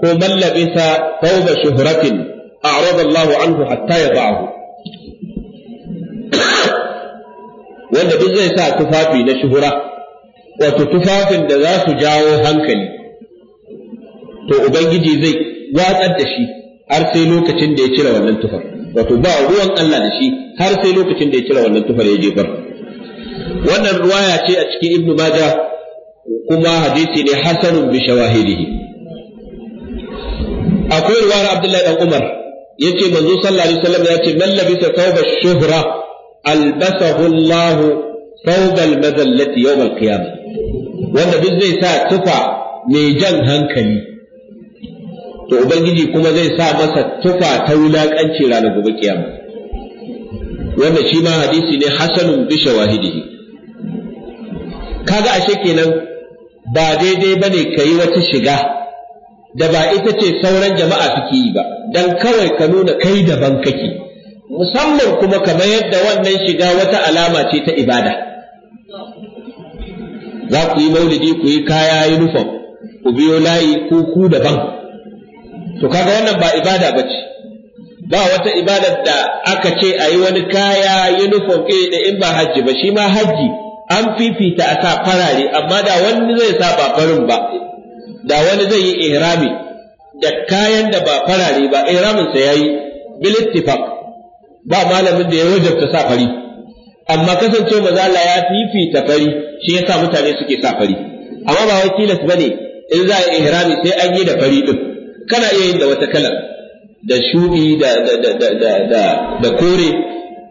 ko man labisa thawba shuhratin a'rada Allahu anhu hatta yad'ahu wanda duk zai sa tufafi na shuhura wato tufafin da za su jawo hankali to ubangiji zai watsar da shi har sai lokacin da ya cire wannan tufar wato ba ruwan Allah da shi har sai lokacin da ya cire wannan tufar ya jefar wannan ruwaya ce a cikin ibnu maja kuma hadisi ne hasanun bi shawahidihi akwai riwayar Abdullahi dan Umar yace manzo sallallahu alaihi wasallam ce man labisa thawba shuhra albasahu Allah thawba almadallati yawm alqiyamah wanda duk zai sa tufa mai jan hankali to ubangiji kuma zai sa masa tufa ta wulakanci ranar gobe kiyama wanda shi ma hadisi ne hasanun bi shawahidihi kaga ashe kenan ba daidai bane kai wata shiga da ba ita ce sauran jama'a suke yi ba dan kawai ka nuna kai daban kake musamman kuma kamar yadda wannan shiga wata alama ce ta ibada za ku yi maulidi ku yi kaya uniform ku biyo layi ku ku daban to kaga wannan ba ibada ba ce ba wata ibada da aka ce a yi wani kaya uniform ɗaya da in ba hajji ba shi ma hajji an fifita a sa farare amma da wani zai sa ba farin ba da wani zai yi ihrami da kayan da ba farare ba ihramin sa yayi bil ittifaq ba malamin da ya wajabta sa fari amma kasance maza Allah ya fifita fari shi yasa mutane suke sa fari amma ba wai tilas bane in za a ihrami sai an yi da fari din kana iya yin da wata kalar da shuɗi da da da da kore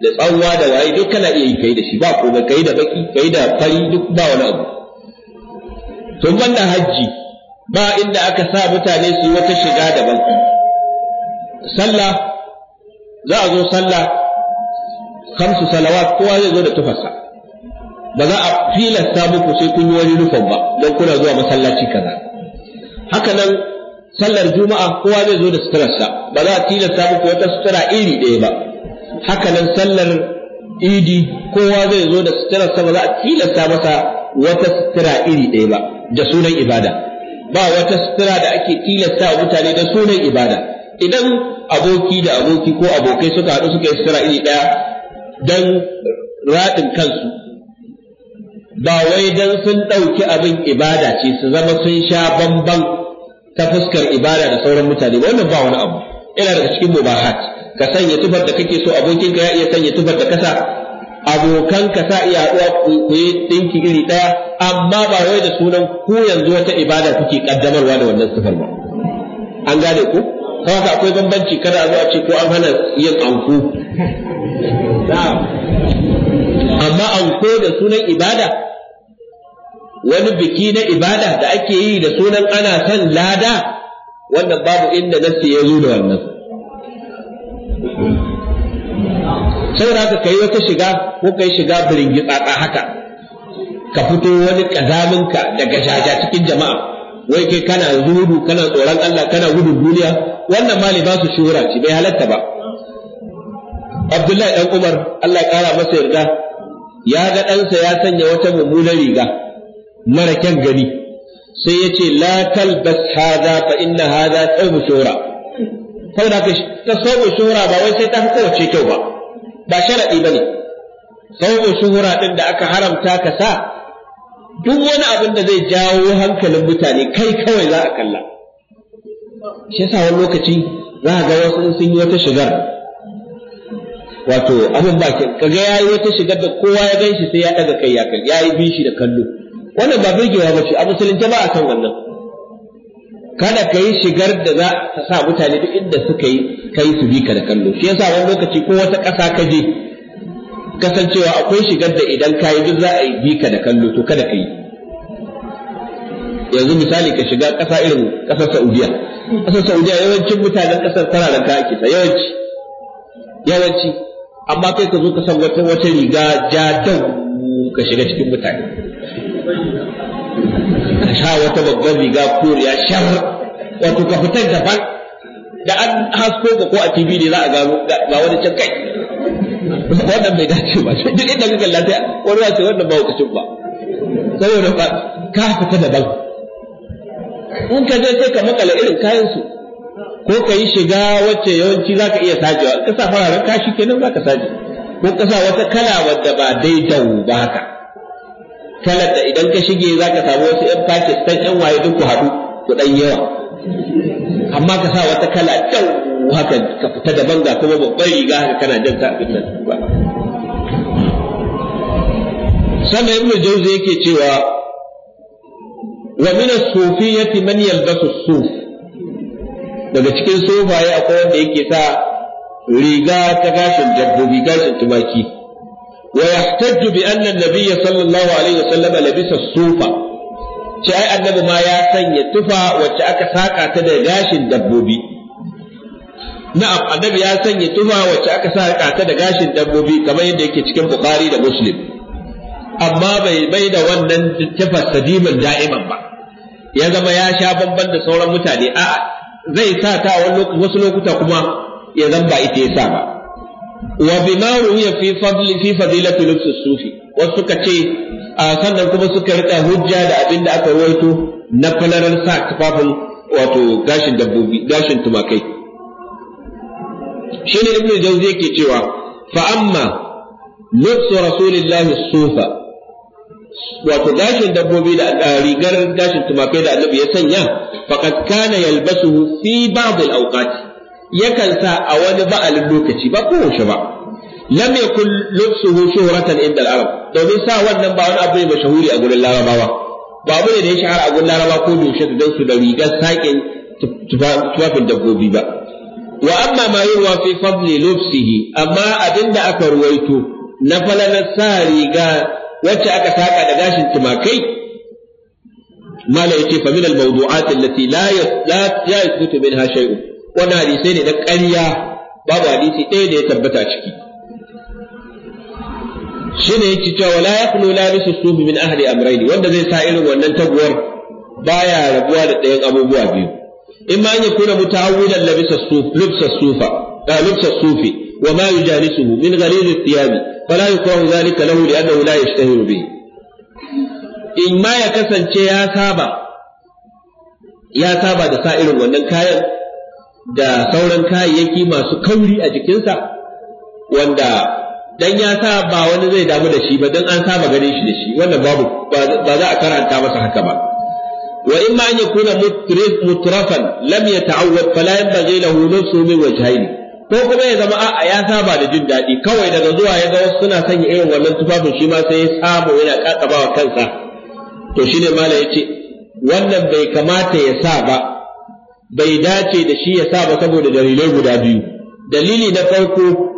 da tsawa da waye duk kana iya yi kai da shi ba ko kai da baki kai da fari duk ba wani abu to banda hajji ba inda aka sa mutane su yi wata shiga daban sallah za a zo sallah kamsu salawat kowa zai zo da tufarsa ba za a filasta muku sai kun yi wani nufan ba don kuna zuwa masallaci kaza haka nan sallar juma'a kowa zai zo da suturarsa ba za a tilasta muku wata sutura iri ɗaya ba haka nan sallar idi kowa zai zo da suturarsa ba za a tilasta masa wata sutura iri ɗaya ba da sunan ibada ba wata sutura da ake tilasta mutane da sunan ibada idan aboki da aboki ko abokai suka haɗu suka yi sutura iri ɗaya don raɗin kansu ba wai don sun ɗauki abin ibada ce su zama sun sha bamban ta fuskar ibada da sauran mutane wannan ba wani abu ina daga cikin mubahat ka sanya tufar da kake so abokinka ya iya sanya tufar da kasa abokan ka sa iya haɗuwa ku yi ɗinki iri ɗaya amma ba wai da sunan ku yanzu wata ibada kuke kaddamarwa da wannan sifar ba an gane ku Kawai ka akwai bambanci kada a zo a ce ko an hana yin anko amma anko da sunan ibada wani biki na ibada da ake yi da sunan ana son lada wannan babu inda nasi ya zo da wannan saboda haka kai wata shiga ko kai shiga biringi tsatsa haka ka fito wani kazaminka daga jaja cikin jama'a wai kai kana zuhudu kana tsoron Allah kana gudu duniya wannan ma ba su shuhura ci bai halatta ba Abdullahi dan Umar Allah ya kara masa yarda ya ga ɗansa ya sanya wata mummunar riga mara kyan gani sai ya ce la talbas hada fa inna hada thawb shura saboda ta thawb shura ba wai sai ta fi kowace kyau ba ba sharadi bane thawb shura din da aka haramta ka sa duk wani abin da zai jawo hankalin mutane kai kawai za a kalla shi yasa wani lokaci za a ga wasu in sun yi wata shigar wato abin ba ke kaga ya yi wata shigar da kowa ya ganshi sai ya daga kai ya kalli yayi bin shi da kallo wannan ba ba bace a musulunci ba a san wannan kada ka yi shigar da za ta sa mutane duk inda suka yi kai su bi ka da kallo shi yasa wani lokaci ko wata ƙasa ka je kasancewa akwai shigar da idan ka yi duk za a yi bi ka da kallo to kada ka yi yanzu misali ka shiga ƙasa irin ƙasar Saudiya ƙasar Saudiya yawancin mutanen ƙasar tana da ake ta yawanci yawanci amma kai ka zo ka san wata wata riga ja dan ka shiga cikin mutane ka sha wata babbar riga koriya shar wato ka fitar daban da an hasko ko a TV ne za a gano ga wani can kai wannan bai dace ba duk inda ka kalla sai wani ya ce wannan ba hukacin ba saboda ba ka fita daban in ka je sai ka makala irin kayan su ko ka yi shiga wacce yawanci za ka iya sajewa ka sa fararen kashi kenan za ka saje ko ka sa wata kala wadda ba daidau ba haka kalar da idan ka shige za ka samu wasu 'yan pakistan 'yan waye duk ku haɗu kuɗan yawa amma ka sa wata kala kyau haka ka fita da banga kuma babban riga haka kana jan ta abin nan ba sannan ibnu jauzi yake cewa wa min as-sufiyyati man yalbasu suf daga cikin sufaye akwai wanda yake sa riga ta gashin dabbobi gashin tumaki wa yahtaju bi anna an-nabiy sallallahu alaihi wasallam labisa as-sufa ce ai annabi ma ya sanya tufa wacce aka saka ta da gashin dabbobi na'am annabi ya sanya tufa wacce aka saka ta da gashin dabbobi kamar yadda yake cikin bukhari da muslim amma bai bai da wannan tufa sadiman da'iman ba ya zama ya sha bamban da sauran mutane a zai sa ta a wasu lokuta kuma ya zamba ita ya sa ba wa bima ruwiya fi fadli fi lubsus sufi wasu suka ce sannan kuma suka rika hujja da abin da aka ruwaito na falalar sa tufafin wato gashin dabbobi gashin tumakai shi ne ibnu jawzi yake cewa fa amma lubsu rasulillahi sufa wato gashin dabbobi da rigar gashin tumakai da annabi ya sanya faqad kana yalbasuhu fi ba'd al-awqat yakan sa a wani ba'alin lokaci ba kowace ba lam yakun lubsuhu shuhratan inda al-arab domin sa wannan ba wani abu ne mashahuri a gurin larabawa ba abu ne da ya shahara a gurin larabawa ko doshe da dan su da rigar sakin tufafin dabbobi ba wa amma ma yurwa fi fadli lubsihi amma abinda aka ruwaito na falalar sa riga wacce aka saka da gashin tumakai mala yace fa min al-mawdu'at allati la la minha shay'un wannan hadisi ne da ƙarya babu hadisi ɗaya da ya tabbata ciki ne yake cewa wala yaqulu bisu sufi min ahli amrayni wanda zai sa irin wannan taguwar baya rabuwa da ɗayan abubuwa biyu in ma yake kuna la labisa suf lubsa sufa lubsa sufi wa ma yujalisuhu min ghalil athiyab fala yakunu zalika lahu annahu la yashtahiru bihi in ma ya kasance ya saba ya saba da sa irin wannan kayan da sauran kayayyaki masu kauri a jikinsa wanda dan ya sa ba wani zai damu da shi ba dan an saba ganin shi da shi wannan babu ba za a karanta masa haka ba wa imma an yakuna mutrif mutrafan lam yata'awwad fala yanbaghi lahu nafsu min wajhayn ko kuma ya zama a'a ya saba da jin daɗi kawai daga zuwa ya ga wasu suna sanya irin wannan tufafin shi ma sai ya saba yana kakabawa kansa to shine mala yace wannan bai kamata ya sa ba bai dace da shi ya sa ba saboda dalilai guda biyu dalili na farko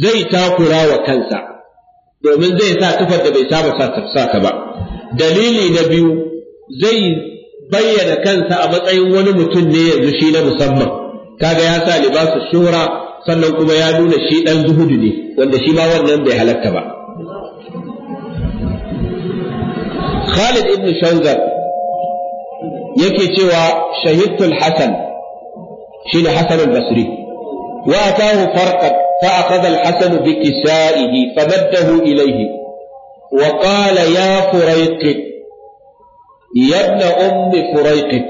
zai takura wa kansa domin zai sa tufar da bai saba sa ta ba dalili na biyu zai bayyana kansa a matsayin wani mutum ne yanzu shi na musamman kaga ya sa libasu shura sannan kuma ya nuna shi dan zuhudu ne wanda shi ba wannan bai halatta ba Khalid ibn Shanzar yake cewa shahidtul Hasan shine Hasan al-Basri wa atahu farqat فأخذ الحسن بكسائه فمده إليه وقال يا فريقت يا ابن أم فريقت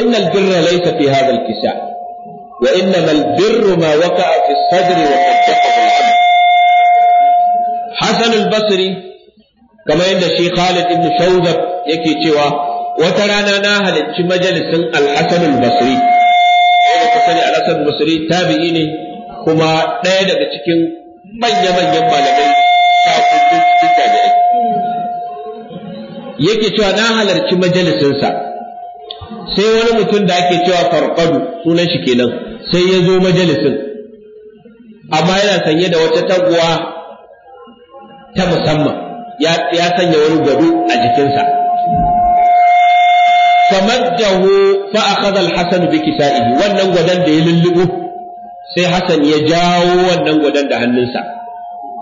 إن البر ليس في هذا الكساء وإنما البر ما وقع في الصدر وصدقه العبد حسن البصري كما عند شيخ خالد بن شوذب yake cewa wata rana na halicci majalisin alhassan basri da ka sani alhassan basri tabi'i ne kuma ɗaya daga cikin manya-manyan malamai ta kudin cikin jami'ai yake cewa na halarci majalisinsa sai wani mutum da ake cewa farfadu sunan shi kenan sai ya zo majalisin amma yana sanye da wata taguwa ta musamman ya sanya wani gado a jikinsa famajjahu fa الحسن al-hasan bi kisa'ihi wannan da ya lullubo sai Hassan ya jawo wannan gwadon da hannunsa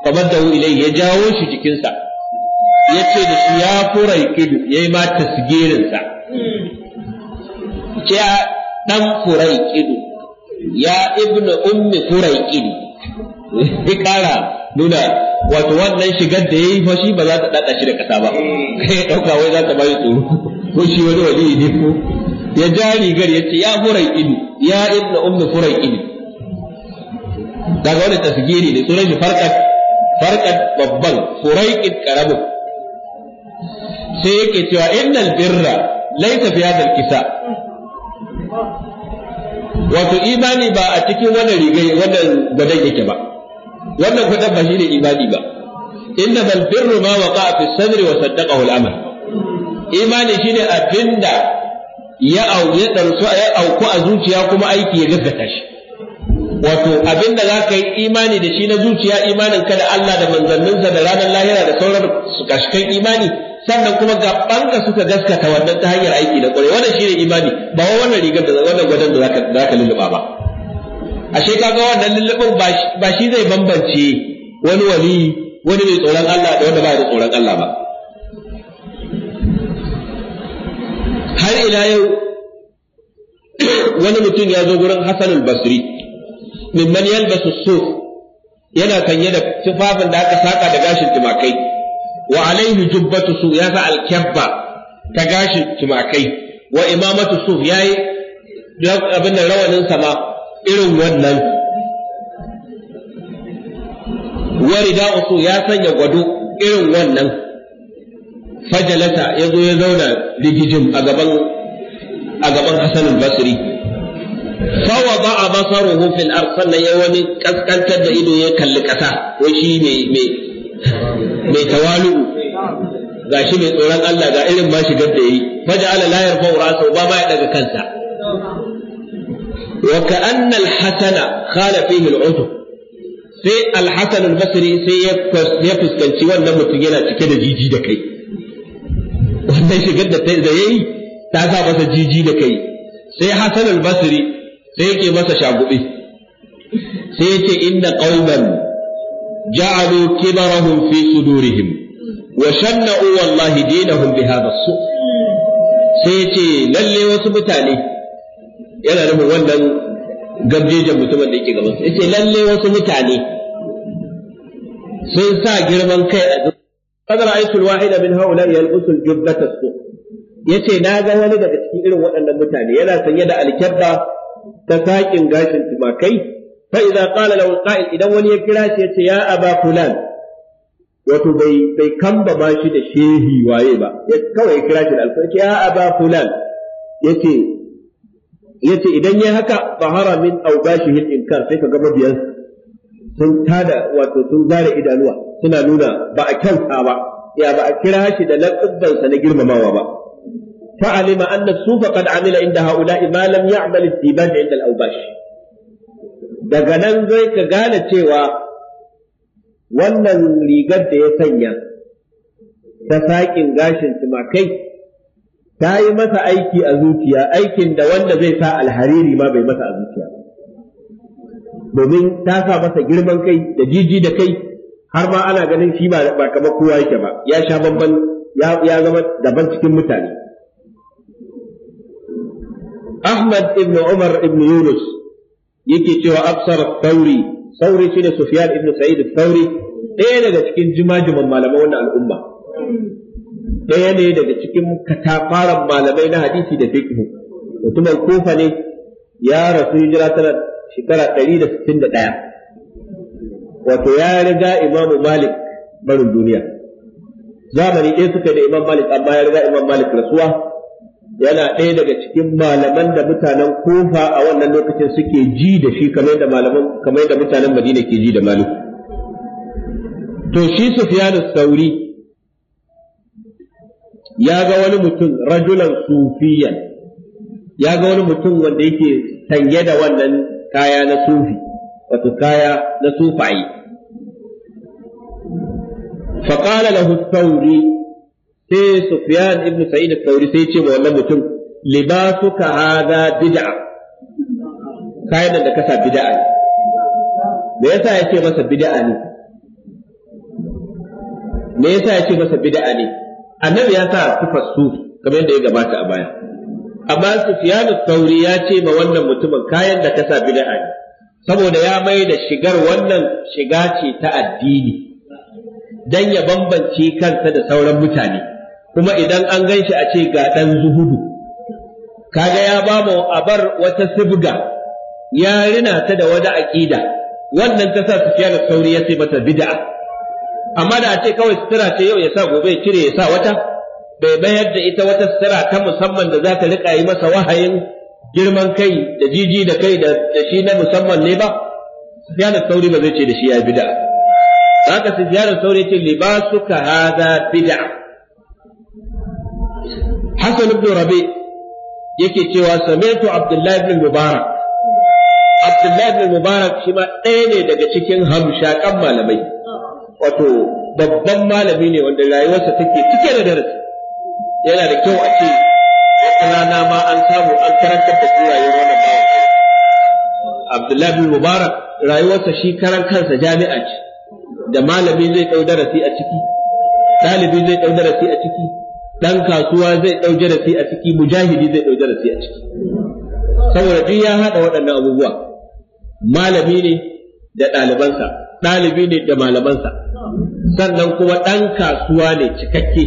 kamar da ilai ya jawo shi jikinsa ya ce da shi ya furai kidu ya yi mata sigirinsa. ce ɗan furai kidu ya ibnu ummi furai kidu ya ƙara nuna wato wannan shigar da ya yi fashi ba za ta ɗaɗa shi da ƙasa ba ya ɗauka wai za ta bayi tsoro ko shi wani wani ne ko ya ja rigar ya ce ya furai kidu ya ibnu ummi furai kidu daga wani tasgiri ne sunan shi farkat farkat babban furaiqin karamin sai yake cewa innal birra laysa fi hadal kisa wato imani ba a cikin wannan rigai wannan gwadon yake ba wannan gwadon ba shine imani ba Inna innama albirru ma waqa'a fi sadri wa saddaqahu al-amal imani shine abinda ya au ya auku a zuciya kuma aiki ya gaggata shi wato abin da za ka yi imani da shi na zuciya imanin ka da Allah da manzanninsa da ranar lahira da sauran su kashikan imani sannan kuma gabanka suka gaskata wannan ta hanyar aiki da kwarai wannan shine imani ba wa wannan rigar da wannan gwadon da zaka zaka lulluba ba ashe kaga wannan lullubin ba shi zai bambance wani wali wani mai tsoron Allah da wanda ba da tsoron Allah ba har ila yau wani mutum ya zo gurin Hassan al-Basri mimman yalbasu suf yana sanye da tufafin da aka saka da gashin tumakai wa alaihi jubbatu su ya sa alkabba ta gashin tumakai wa imamatu suf yayi abin da rawanin sama irin wannan wa rida'u su ya sanya gwado irin wannan fajalata yazo ya zauna rigijin a gaban a gaban Hassan al-Basri fawada a basaruhu fil ard sannan ya wani kaskantar da ido ya kalli kasa wai shi ne mai tawalu ga shi mai tsoron Allah ga irin ma shigar da yi faja'ala la yarfa'u ra'sahu ba ma ya daga kansa wa ka'anna al-hasana khala fihi al-udu sai al-hasan al-basri sai ya fuskanci wannan mutum yana cike da jiji da kai wannan shigar da yayi ta sa masa jiji da kai sai hasan al-basri sai yake masa shagube sai yace inna qauman ja'alu kibarahum fi sudurihim wa shanna'u wallahi dinahum bi hadha su sai yace lalle wasu mutane yana nufin wannan gabjejen mutumin da yake gaban sa yace lalle wasu mutane sun sa girman kai a قد رأيت الواحد من هؤلاء يلبس الجبة السوق yace na ga wani daga cikin irin waɗannan mutane yana sanye da alkyabba ta saƙin gashin tumakai fa idza qala lahu qa'il idan wani ya kira shi yace ya aba fulan wato bai bai kamba ba shi da shehi waye ba ya kawai ya kira shi da alfarki ya aba fulan yace yace idan ya haka bahara min awbashihi inkar sai kaga mabiyan sun tada wato sun zare idanuwa suna nuna ba a kyauta ba ya ba a kira shi da laƙabbansa na girmamawa ba فعلم أن الصوف قد عمل عند هؤلاء ما لم يعمل السيبان عند الأوباش daga nan zai ka gane cewa wannan rigar da ya sanya ta saƙin gashin tumakai ta yi masa aiki a zuciya aikin da wanda zai sa alhariri ma bai masa a zuciya domin ta sa masa girman kai da jiji da kai har ma ana ganin shi ba kamar kowa yake ba ya sha bamban ya zama daban cikin mutane Ahmad ibn Umar ibn Yunus yake cewa Absar Thauri Thauri shine Sufyan ibn Sa'id Thauri ɗaya daga cikin jimajiman malamai wannan al'umma ɗaya ne daga cikin katafaran malamai na hadisi da fiqh mutumin Kufa ne ya rasu hijira tana shekara 161 wato ya riga Imam Malik barin duniya zamani ɗaya suka da Imam Malik amma ya riga Imam Malik rasuwa yana ɗaya daga cikin malaman da mutanen kufa a wannan lokacin suke ji da shi kamar da malaman kamar da mutanen madina ke ji da maliku to shi sufyanu sauri ya ga wani mutum rajulan sufiyan ya ga wani mutum wanda yake sanye da wannan kaya na sufi wato kaya na sufayi فقال له Sauri. sai Sufyan ibn Sa'id al-Thawri sai ce wa wannan mutum libasuka hadha bid'a kayan da kasa bid'a ne me yasa yake masa bid'a ne me yasa yake masa bid'a ne annabi ya sa sifar su kamar yadda ya gabata a baya amma Sufyan al-Thawri ya ce ma wannan mutumin kayan da kasa bid'a ne saboda ya mai da shigar wannan shiga ce ta addini don ya bambance kansa da sauran mutane kuma idan an gan shi a ce ga ɗan zuhudu kaga ya ba mu abar wata sibga ya rina ta da wata aƙida wannan ta sa su sufiyar sauri ya ce mata bid'a amma da a ce kawai sutura ce yau ya sa gobe ya cire ya sa wata bai bayar da ita wata sutura ta musamman da za ta riƙa yi masa wahayin girman kai da jiji da kai da shi na musamman ne ba sufiyar sauri ba zai ce da shi ya bid'a haka da sauri ce libasuka hada bid'a Hassan ibn Rabi yake cewa Sami'tu Abdullahi ibn Mubarak Abdullahi ibn Mubarak shi ma ɗaya ne daga cikin hamshakan malamai wato babban malami ne wanda rayuwarsa take cike da darasi yana da kyau a ce wata rana ma an samu an karantar da rayuwar wannan bawan Abdullahi ibn Mubarak rayuwarsa shi karan kansa jami'a ce da malami zai ɗau darasi a ciki ɗalibi zai ɗau darasi a ciki Ɗan kasuwa zai ɗau darasi a ciki mujahidi zai ɗau darasi a ciki saboda duk ya haɗa waɗannan abubuwa malami ne da ɗalibansa ɗalibi ne da malamansa sannan kuma ɗan kasuwa ne cikakke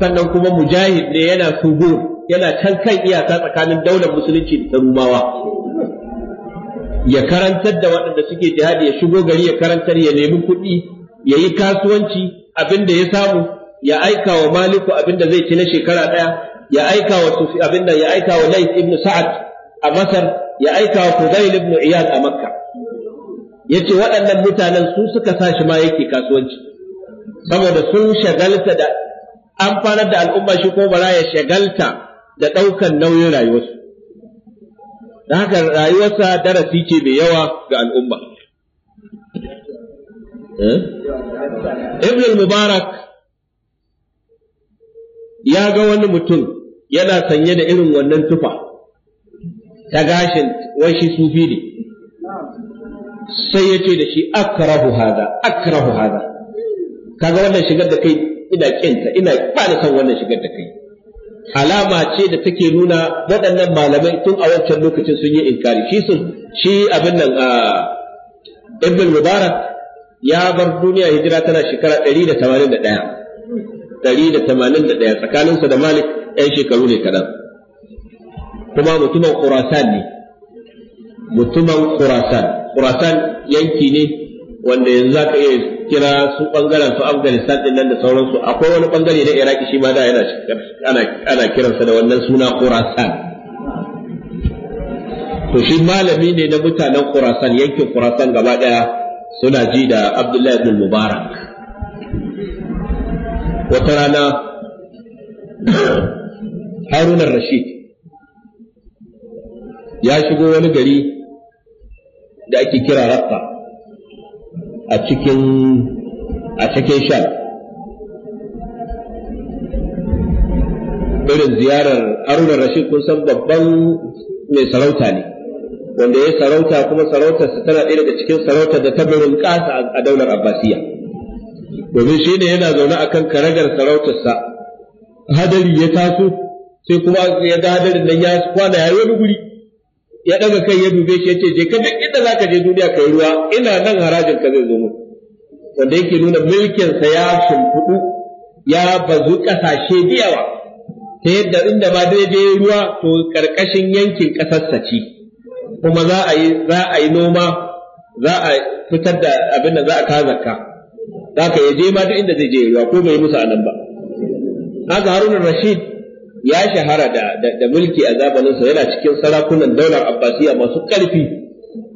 sannan kuma mujahid ne yana sugo yana can kan iyaka tsakanin daular musulunci da rumawa ya karantar da waɗanda suke jihadi ya shigo gari ya karantar ya nemi kuɗi ya yi kasuwanci abin da ya samu ya aika wa maliku abinda zai ci na shekara ɗaya? ya aika wa sufi abinda ya aika wa lais ibn sa'ad a masar ya aika wa fudail ibn iyad a makka yace waɗannan mutanen su suka sa shi ma yake kasuwanci saboda sun shagalta da amfanar da al'umma shi ko bara ya shagalta da ɗaukan nauyin rayuwarsu da haka rayuwarsa darasi ce mai yawa ga al'umma eh? ibn mubarak ya ga wani mutum yana sanye da irin wannan tufa ta gashin wai sufi ne sai ya ce da shi akrahu hada akrahu hada kaga wannan shigar da kai ina kinta ina bani son wannan shigar da kai alama ce da take nuna waɗannan malamai tun a wancan lokacin sun yi inkari shi sun shi abin nan a ibn mubarak ya bar duniya hijira tana shekara 181 ɗari da tamanin da ɗaya tsakaninsa da Malik ‘yan shekaru ne kaɗan. Kuma mutumin Khurasan ne, mutumin Khurasan. Khurasan yanki ne wanda yanzu za ka iya kira su ɓangaren su Afghanistan ɗin nan da sauransu. Akwai wani ɓangare na Iraki shi ma da yana ana kiransa da wannan suna Khurasan. To shi malami ne na mutanen Khurasan yankin Khurasan gaba ɗaya suna ji da Abdullahi Mubarak. wata rana harunan rashid ya shigo wani gari da ake kira rafa a cikin a cikin sham irin ziyarar harunan rashid kun san babban mai sarauta ne wanda ya sarauta kuma sarautarsa tana ɗaya daga cikin sarautar da ta barin ƙasa a daular abbasiyya domin shi ne yana zaune a kan karagar sarautarsa hadari ya taso sai kuma ya ga hadarin nan ya kwana ya wani guri ya ɗaga kai ya dube shi ya ce je ka duk inda ka je duniya ka yi ruwa ina nan harajin ka zai zo mu wanda yake nuna mulkinsa ya shimfiɗu ya bazu ƙasashe da ta yadda inda ba daidai ruwa to ƙarƙashin yankin ƙasarsa ce kuma za a yi noma za a fitar da abin da za a ka haka ya je ma duk inda zai je ya ko bai musu anan ba haka harun rashid ya shahara da da mulki a zamanin sa yana cikin sarakunan daular abbasiya masu ƙarfi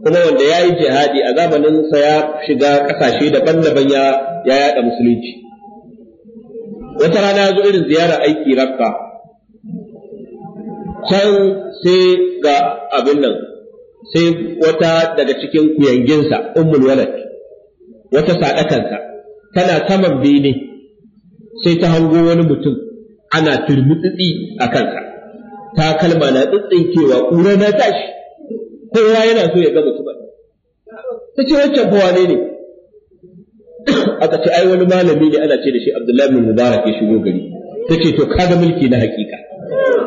kuma wanda ya yi jihadi a zamanin sa ya shiga kasashe daban-daban ya ya yada musulunci wata rana ya zo irin ziyara aiki rakka can sai ga abin nan sai wata daga cikin kuyanginsa ummul walad wata sadakansa tana saman bene sai ta hango wani mutum ana turmutsitsi a kansa ta kalma na tsintsinkewa ƙura na tashi kowa yana so ya ga mutum ta ce wancan kowa ne ne aka ce ai wani malami ne ana ce da shi Abdullahi Mubarak ya shigo gari ta ce to kaga mulki na hakika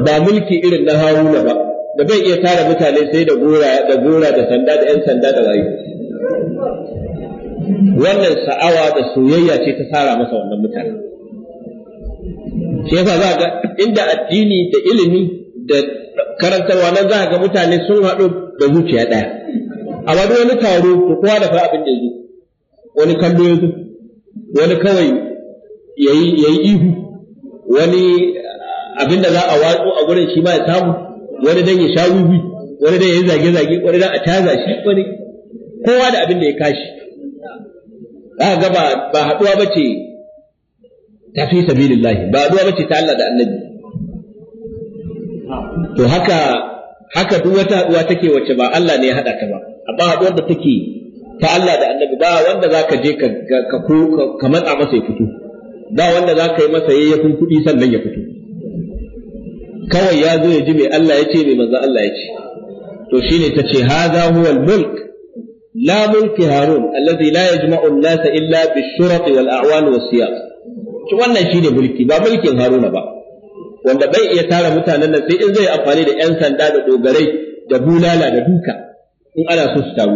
ba mulki irin na Haruna ba da bai iya tara mutane sai da gora da sanda da 'yan sanda da rayu wannan sa'awa da soyayya ce ta tsara masa wannan mutane Shefa za za ga inda addini da ilimi da karantarwa nan za ga mutane sun haɗu da zuciya ɗaya amma duk wani taro to kowa da fa abin da ya wani kallo ya wani kawai ya yi ihu wani abin da za a watsu a gurin shi ma ya samu wani dan ya sha wiwi wani dan ya yi zage-zage wani dan a taza shi wani kowa da abin da ya kashi za ga ba haɗuwa ba ce ta fi sabilillahi ba haɗuwa ba ce ta Allah da annabi to haka haka duk wata haɗuwa take wacce ba Allah ne ya haɗa ta ba amma haɗuwar da take ta Allah da annabi ba wanda za ka je ka ko ka matsa masa ya fito ba wanda za ka yi masa yayyafin kuɗi sannan ya fito kawai ya zo ya ji mai Allah ya ce mai manzo Allah ya ce to shine ta ce haza huwa al-mulk لا ملك هارون الذي لا يجمع الناس إلا بالشرط والأعوان والسياق wannan shine mulki ba mulkin Haruna ba wanda bai iya tara mutanen nan sai in zai amfani da ƴan sanda da dogarai da bulala da duka in ana so su taru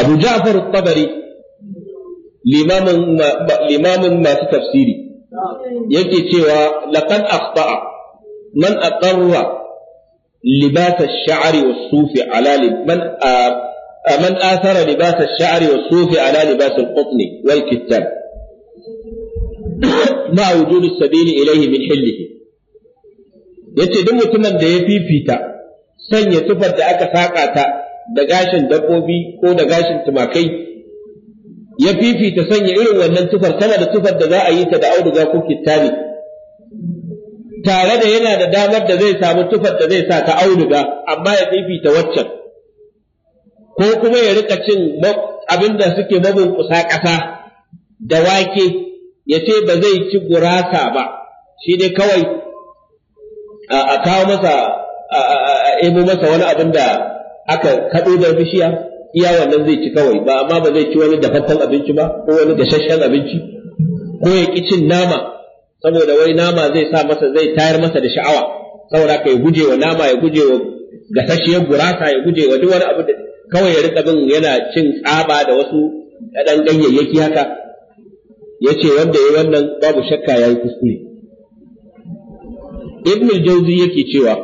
Abu Ja'far tabari limamin limamin masu tafsiri yake cewa laqad akhta'a man aqarra libasa sha'ari wa sufi ala man man athara libasa sha'ari wa sufi ala libas al-qutni wal kittan ma wujud as-sabili ilayhi min hillihi yace duk mutumin da ya fifita sanya tufar da aka saka ta da gashin dabbobi ko da gashin tumakai ya fifita sanya irin wannan tufar tana da tufar da za a yi ta da auduga ko kittani tare da yana da damar da zai samu tufar da zai sa ta auduga amma ya fifita waccan ko kuma ya rika cin abin da suke mabin kusa ƙasa da wake ya ce ba zai ci gurasa ba shi dai kawai a kawo masa a ebo masa wani abin da aka kaɗo da bishiya iya wannan zai ci kawai ba amma ba zai ci wani dafaffen abinci ba ko wani gashashen abinci ko ya ƙi cin nama saboda wai nama zai sa masa zai tayar masa da sha'awa saboda ka ya guje wa nama ya guje wa gasasshiyar gurasa ya guje wa duk wani abu da kawai ya rika bin yana cin tsaba da wasu ɗan ganyayyaki haka ya ce wanda ya wannan babu shakka ya yi kuskure ibn jauzi yake cewa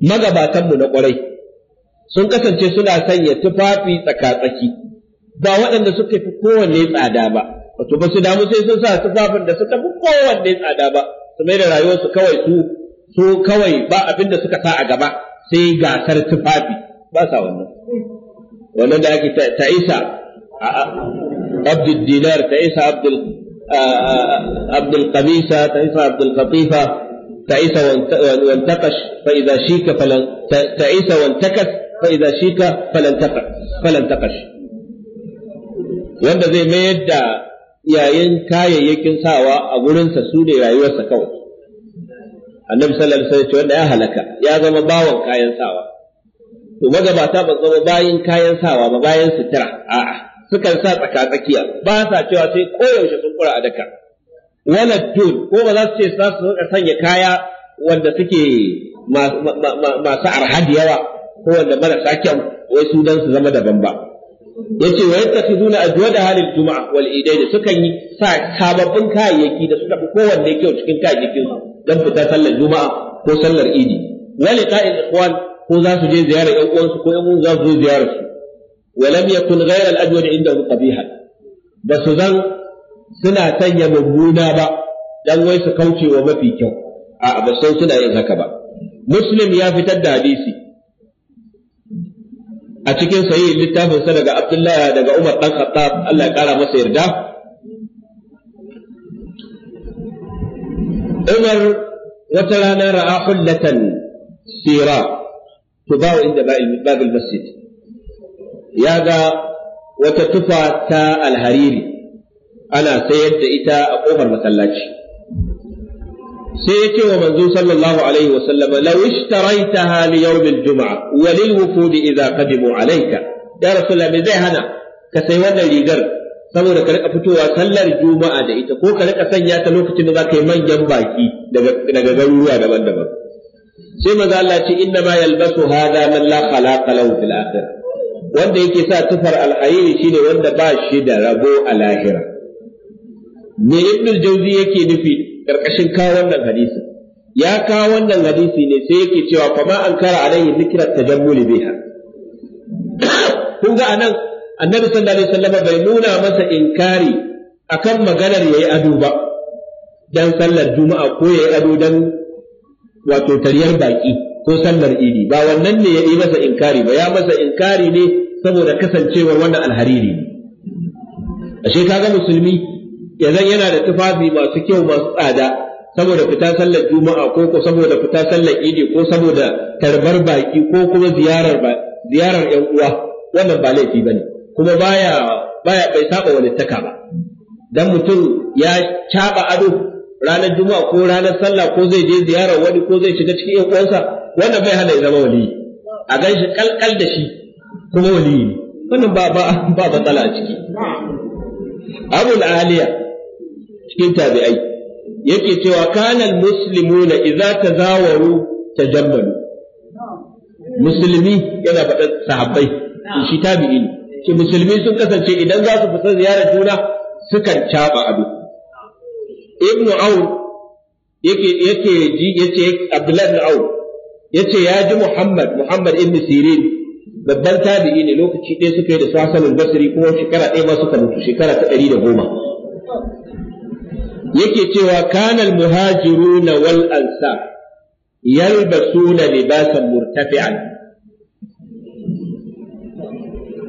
magabatanmu na ƙwarai sun kasance suna sanya tufafi tsakatsaki ba waɗanda suka fi kowanne tsada ba wato ba su damu sai sun sa tufafin da suka fi kowanne tsada ba su mai da rayuwarsu kawai su su kawai ba abin da suka sa a gaba sai gasar tufafi ba sa wannan wannan da ake ta isa abdul dinar ta isa abdul abdul qabisa ta isa abdul qatifa ta isa wantakash fa idza shika falan ta isa takas fa idza shika falan takash falan takash wanda zai mayar da yayin kayayyakin sawa a gurinsa su ne rayuwarsa kawai annabi sallallahu alaihi wasallam wanda ya halaka ya zama bawan kayan sawa to magabata ba zama bayin kayan sawa ba bayan sutura a'a sukan sa tsaka tsakiya ba sa cewa sai koyaushe sun kura a daka wala tun ko ba za su ce za su rika sanya kaya wanda suke masu da yawa ko wanda marasa kyau wai su dan su zama daban ba yace wa yattakhiduna ajwada halil juma'a wal da sukan yi sa sababbin kayayyaki da suka fi kowanne kyau cikin kayayyakin dan fita sallar juma'a ko sallar idi wa liqa'il ikhwan ko za su je ziyara ƴan uwansu ko ƴan uwansu za su zo ziyara su wa lam yakun ghayra al ajwad indahum qabiha ba su zan suna sanya mummuna ba dan wai su kauce wa mafi kyau a ba san suna yin haka ba muslim ya fitar da hadisi a cikin sayi littafin sa daga Abdullahi daga Umar dan Khattab Allah ya kara masa yarda Umar wata rana ra'a hullatan sira tubawu inda babil masjid ya ga wata tufa ta alhariri ana sayar da ita a kofar masallaci sai ya ce wa manzo sallallahu alaihi wa sallama law ishtaraitaha li yawm al-jum'a wa lil wufud idza qadimu alayka ya rasulullah me zai hana ka sai wannan rigar saboda ka rika fitowa sallar juma'a da ita ko ka rika sanya ta lokacin da zaka yi manyan baki daga daga garuruwa daban-daban sai maza Allah ce inna ma yalbasu hadha man la khalaqa lahu fil wanda yake sa tufar alhairi shine wanda ba shi da rabo a lahira me in jawzi yake nufi Ƙarƙashin kawo wannan hadisi ya kawo wannan hadisi ne sai yake cewa fama an kara alaihi zikrat tajammuli biha kun ga anan annabi sallallahu alaihi wasallam bai nuna masa inkari akan maganar yayi ado ba dan sallar juma'a ko yayi ado dan wato tariyar baki ko sallar idi ba wannan ne yayi masa inkari ba ya masa inkari ne saboda kasancewar wannan alhariri ashe kaga musulmi ya zan yana da tufafi masu kyau masu tsada saboda fita sallar juma'a ko ko saboda fita sallar idi ko saboda tarbar baki ko kuma ziyarar ba ziyarar yan uwa wannan ba laifi bane kuma baya baya bai saba wani taka ba dan mutum ya caba ado ranar juma'a ko ranar sallah ko zai je ziyarar wani ko zai shiga cikin yan uwansa wannan bai hana ya zama waliyi a ganshi kalkal da shi kuma waliyi wannan ba ba ba matsala a ciki abul aliya cikin tabi'ai yake cewa kanal muslimuna idza tazawaru tajammalu musulmi yana faɗa sahabbai shi tabi'i ne ce musulmi sun kasance idan za su fita ziyarar juna sukan caba abu ibnu aun yake yake ji yace abdullahi ibn aun yace ya ji muhammad muhammad ibn sirin babban tabi'i ne lokaci ɗaya suka yi da sasalul basri kuma shekara ɗaya ma suka mutu shekara ta ɗari da goma yake cewa kanal muhajiruna wal ansar yalbasuna libasan murtafi'an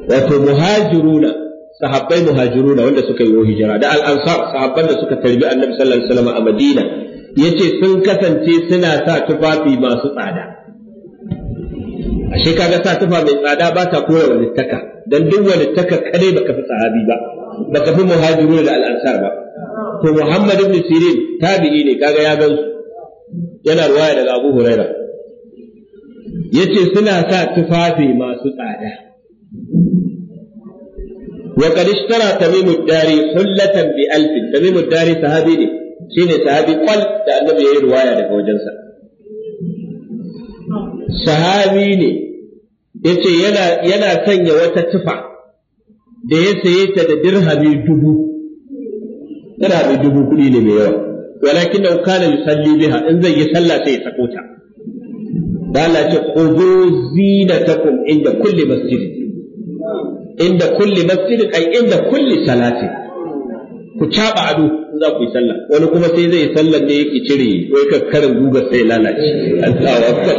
wato muhajiruna sahabbai muhajiruna wanda suka yi hijira da al ansar sahabban da suka tarbi annabi sallallahu alaihi wasallam a madina yace sun kasance suna sa tufafi masu tsada ashe kaga sa tufa mai tsada ba ta kora taka, dan duk taka kadai baka fi sahabi ba baka fi muhajiruna da al ansar ba to Muhammad ibn Sirin tabi'i ne kaga ya gan su yana ruwaya daga Abu Huraira yace suna sa tufafi masu tsada wa qad ishtara Tamim ad-Dari hullatan bi alf Tamim ad-Dari sahabi ne shine sahabi qal da Annabi yayi ruwaya daga wajensa sahabi ne yace yana yana sanya wata tufa da ya saye ta da dirhami dubu da dubu kuɗi ne mai yawa walakin da kana yusalli biha in zai yi sallah sai ya sako ta da Allah ce khudhu zinatakum inda kulli masjid inda kulli masjid ai inda kulli salati ku caba ado in za ku yi sallah wani kuma sai zai sallah ne yake cire wai kakkarin guga sai lalace Allahu akbar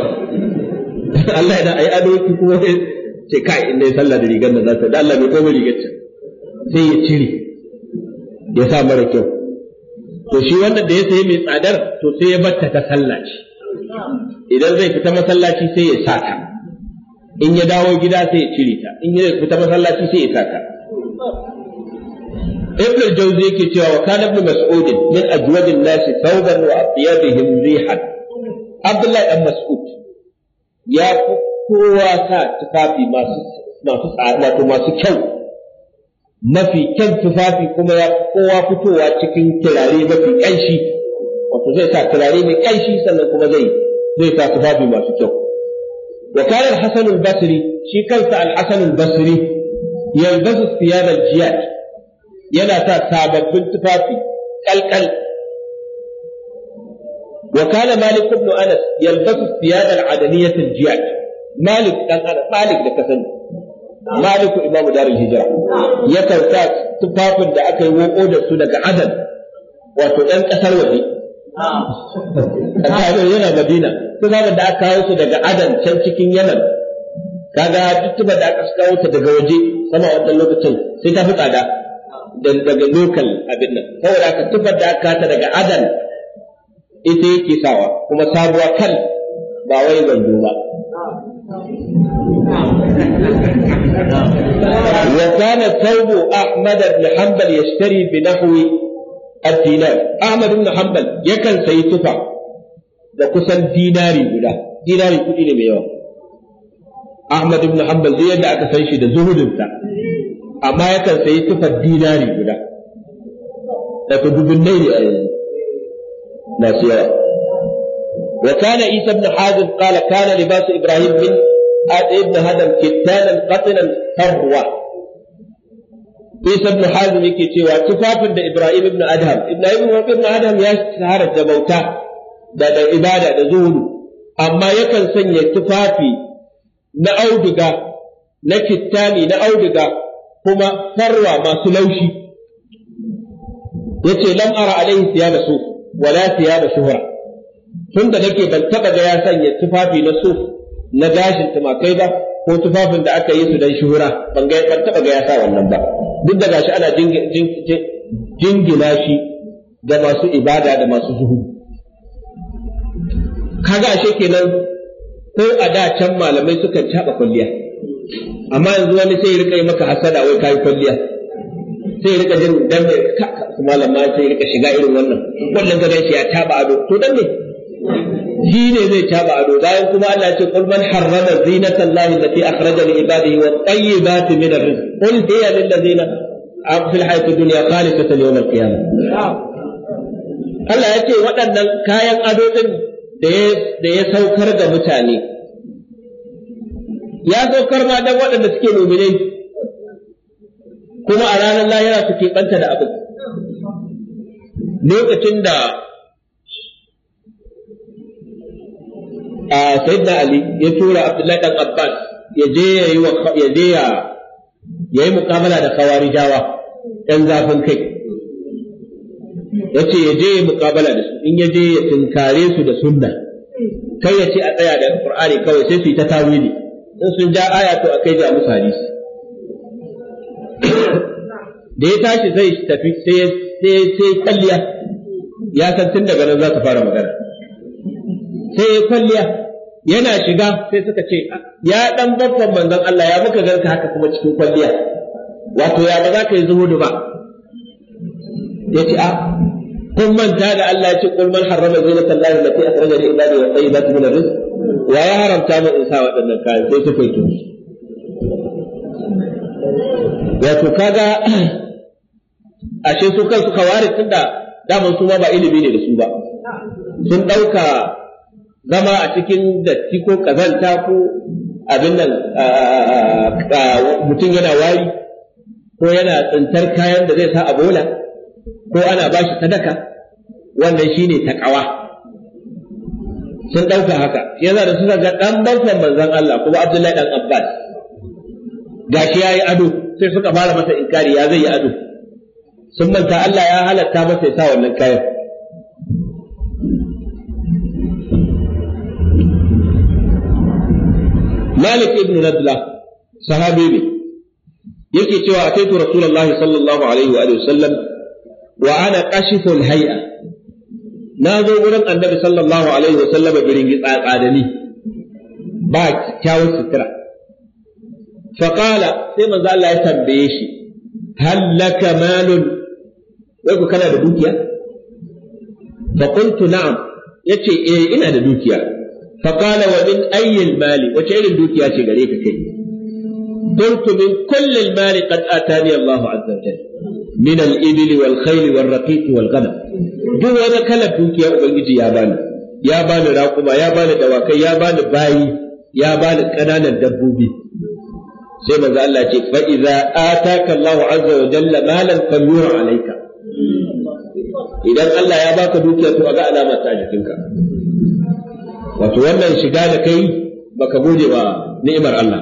Allah idan ai ado kuma sai kai in yi sallah da rigar da za ta da Allah bai komai rigar ta sai ya cire ya sa mara kyau to shi wannan da ya sayi mai tsadar to sai ya batta ta sallaci idan zai fita masallaci sai ya sata in ya dawo gida sai ya cire ta in ya fita masallaci sai ya sata jawzi yake cewa wa kana ibn mas'ud min ajwad an-nas wa rihan abdullahi ibn mas'ud ya kowa sa tufafi masu masu tsada masu kyau mafi kyan tufafi kuma ya kowa fitowa cikin turare mafi ƙanshi wato zai sa turare mai ƙanshi sannan kuma zai zai sa tufafi masu kyau wa kana al-hasan al-basri shi kansa al-hasan al-basri yalbasu thiyaban al jiyat yana sa sababbin tufafi kalkal wa kana malik ibn anas yalbasu al adaniyat al jiyat malik dan anas malik da kasani maliku imamu darul hijira ya kauta tufafin da aka yi woko da su daga adal wato ɗan ƙasar waje kaga yana madina tufafin da aka kawo su daga adal can cikin yaman kaga tuttuba da aka kawo ta daga waje sama wannan lokacin sai ta fi tsada daga lokal abin nan saboda aka tuba da aka ta daga adal ita yake sawa kuma sabuwa kal ba wai zanzo ba وكان الثوب أحمد بن حنبل يشتري بنحو الدينار أحمد بن حنبل يكن سيتفع da kusan dinari guda dinari kuɗi ne mai yawa Ahmad ibn yadda aka san shi da zuhudinsa amma yakan sayi tufar dinari guda da dubunnai ne a yanzu masu yawa وكان عيسى بن حازم قال كان لباس إبراهيم من ابن هدم كتانا قطنا فروة Isa ibn Hazm yake cewa tufafin da Ibrahim ibn Adham, Ibrahim ibn Adham ya shahara da bauta da da ibada da zuhudu, amma yakan sanya tufafi na na kittani na auduga kuma farwa masu laushi. Yace lamar ara alaihi siyaba su wala tun da nake ban taɓa ga ya sanya tufafi na su na gashin tumakai ba ko tufafin da aka yi su dan shuhura ban ga ban taɓa ga ya sa wannan ba duk da gashi ana jingina shi ga masu ibada da masu zuhu kaga ashe kenan ko a da can malamai suka taɓa kwalliya amma yanzu wani sai ya rika yi maka hasada wai kayi kwalliya sai ya rika jin dan malama sai ya rika shiga irin wannan wannan gadon shi ya taɓa ado to dan ne shi ne zai taba ado bayan kuma Allah ya ce qul man harrama zinata Allah allati akhraja li ibadihi wa tayyibati min ar-rizq qul hiya lil ladina fi al-hayati dunya khalisatan yawm al-qiyamah Allah ya ce waɗannan kayan ado din da ya saukar da mutane ya saukar ma dan waɗanda suke mu'minai kuma a ranar lahira suke banta da abu lokacin da a sayyidina ali ya tura abdullahi dan abbas ya je ya yi ya je ya yayi muqabala da khawarijawa dan zafin kai yace ya je muqabala da su in ya je ya tinkare su da sunna kai ya ce a tsaya da qur'ani kawai sai su yi ta tawili in sun ja aya to akai ja musu hadisi da ya tashi zai tafi sai sai sai kalliya ya san tun daga nan za ta fara magana sai ya kwalliya yana shiga sai suka ce ya dan babban manzon Allah ya muka garka haka kuma cikin kwalliya wato ya ba za ka yi zuhudu ba ya ce a ah, kun manta da Allah ya ce kul man harrama zinata Allah lati akhraja li ibadi wa tayyibati min ar-rizq wa ya haramta mu isa waɗannan kayan sai su kai wato kaga ashe su kansu kawarin tunda daman su ma ba ilimi ne da su ba sun ɗauka zama a cikin datti ko kazanta ko abin nan mutum yana wari ko yana tsintar kayan da zai sa a bola ko ana ba shi sadaka wannan shi ne takawa sun ɗauka haka yana da su ga ɗan bansan manzon Allah kuma Abdullahi dan Abbas gashi yi ado sai suka fara masa inkari ya zai yi ado sun manta Allah ya halatta masa ya sa wannan kayan malik ibn nadla sahabi ne yake cewa ataitu rasulullahi sallallahu alaihi wa sallam wa ana qashiful na zo wurin annabi sallallahu alaihi wa sallam biringi tsatsani ba kyawun sutura faqala sai manzo Allah ya tambaye shi hal laka malun wai ku kana da dukiya fa yace eh, ina da dukiya fa qala wa min ayyil mali wace irin dukiya ce gare ka kai قلت من كل المال قد آتاني الله عز وجل من الإبل والخيل والرقيق والغنم duk wani kalar dukiya Ubangiji ya bani, ya bani raƙuma, ya bani dawakai, ya bani bayi, ya bani ƙananan dabbobi. Sai maza Allah ce, fa'iza ataka Allah azza wa jalla malan falyura alaika. Idan Allah ya baka dukiya to a ga alama ta jikinka. wato wannan shiga da kai baka gode wa ni'imar Allah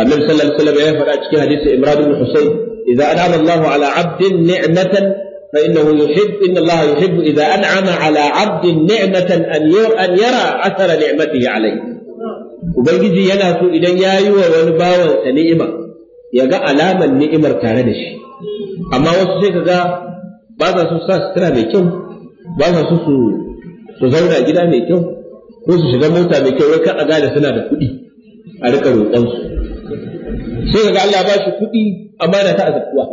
annabi sallallahu alaihi wasallam ya faɗa cikin hadisi imran ibn husayn idza an'ama Allahu ala 'abdin ni'matan fa innahu yuhibb inna Allah yuhibbu idza an'ama ala 'abdin ni'matan an yara an yara athara ni'matihi alayhi ubangiji yana so idan yayi wa wani sa ni'ima ya ga alaman ni'imar tare da shi amma wasu sai ka ga ba za su sa sutura mai kyau ba za su su su zauna gida mai kyau ko su shiga mota mai kyau wai kar a gane suna da kuɗi a rika roƙonsu sai ga Allah ba shi kuɗi amana ta azabtuwa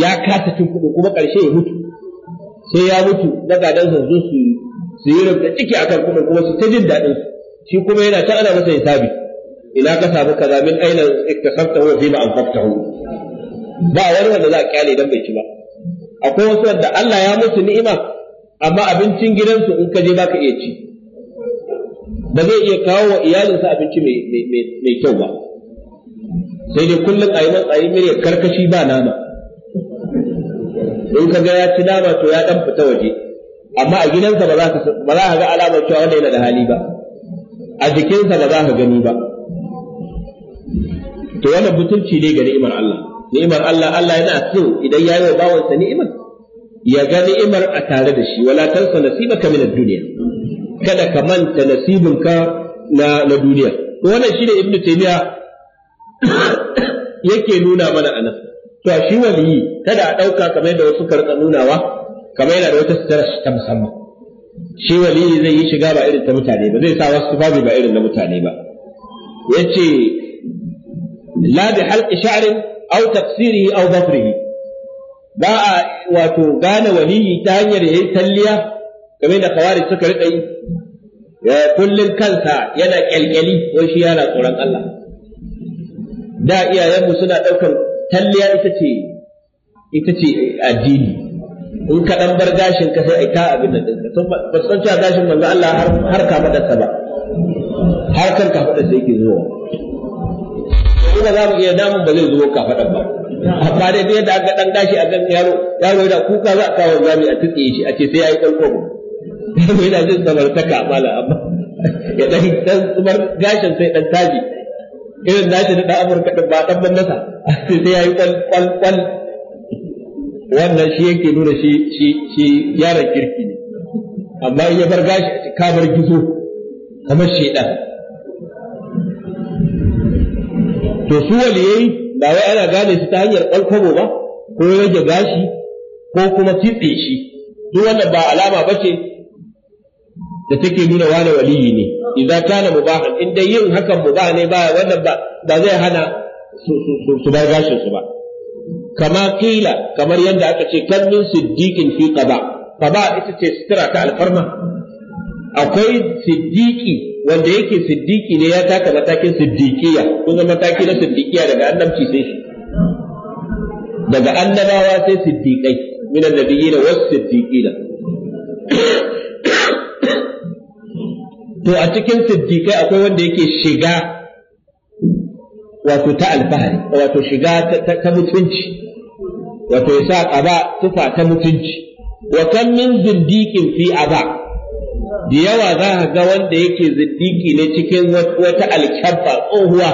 ya kasa cin kuɗi kuma ƙarshe ya mutu sai ya mutu na gadan sa zo su su yi rubuta ciki akan kuɗin kuma su ta jin daɗin shi kuma yana ta ana masa hisabi ina ka samu kaza min aina iktasabta wa fi ma anfaqtahu ba wani wanda za a kyale dan bai ci ba akwai wasu wanda Allah ya musu ni'ima amma abincin gidansu in ka je ba ka iya ci ba zai iya kawo wa iyalinsa abinci mai kyau ba sai dai kullum a yi matsayi mai karkashi ba nama in ka ga ya ci nama to ya dan fita waje amma a gidansa ba za ka ga alamar cewa wanda yana da hali ba a jikinsa ba za ka gani ba to wannan butulci ne ga ni'imar Allah ni'imar Allah Allah yana so idan ya yi wa bawansa ni'imar ya ga ni'imar a tare da shi wala tansa nasibaka min ad-dunya kada ka manta nasibinka na na duniya wannan shine ibn taymiya yake nuna mana anan to shi waliyi kada a dauka kamar da wasu karka nunawa kamar yana da wata sitara ta musamman shi waliyi zai yi shiga ba irin ta mutane ba zai sa wasu tufafi ba irin na mutane ba yace la bi halqi sha'rin aw tafsirihi aw dhafrihi ba a wato gane waliyi ta hanyar yayi talliya kamar da kawari suka rika yi kullun kansa yana kyalkyali ko shi yana tsoron Allah da iyayenmu suna daukar talliya ita ce ita ce addini in ka dan bar gashin ka sai ai ka abin nan ɗinka sun ba san cewa gashin manzo Allah har har ka ta ba har kan ka fadarsa yake zuwa kuma za mu iya damun ba zai zo ka fada ba ba dai dai yadda aka dan gashi a kan yaro yaro da kuka za a kawo zami a tutse shi a ce sai yayi dan kobo yaro yana jin samartaka mala amma ya dan dan kuma gashin sai dan taji irin nashi da dan Amurka din ba dan bannasa sai ya yayi kwal kwal kwal wannan shi yake nuna shi shi shi yaron kirki ne amma in ya bar gashi a kamar gizo kamar shedan to su waliyai ba wai ana gane shi ta hanyar kwalkwabo ba ko rage gashi ko kuma kitse shi duk wannan ba alama ba ce da take nuna wani waliyi ne idza kana mubahan in dai yin hakan mubah ne ba wannan ba ba zai hana su bar gashin su ba kama kila kamar yadda aka ce kan min siddiqin fi qaba qaba ita ce sutura ta alfarma akwai siddiqi wanda yake siddiki ne ya taka matakin siddiqiya ko ga mataki na siddiqiya daga annabci sai shi daga annabawa sai siddiqai min annabiyina was siddiqina to a cikin siddiqai akwai wanda yake shiga wato ta alfahari wato shiga ta mutunci wato ya sa ƙaba tufa ta mutunci wa kan min zindiqin fi aba da yawa za ka ga wanda yake ziddiki ne cikin wata alkyabba tsohuwa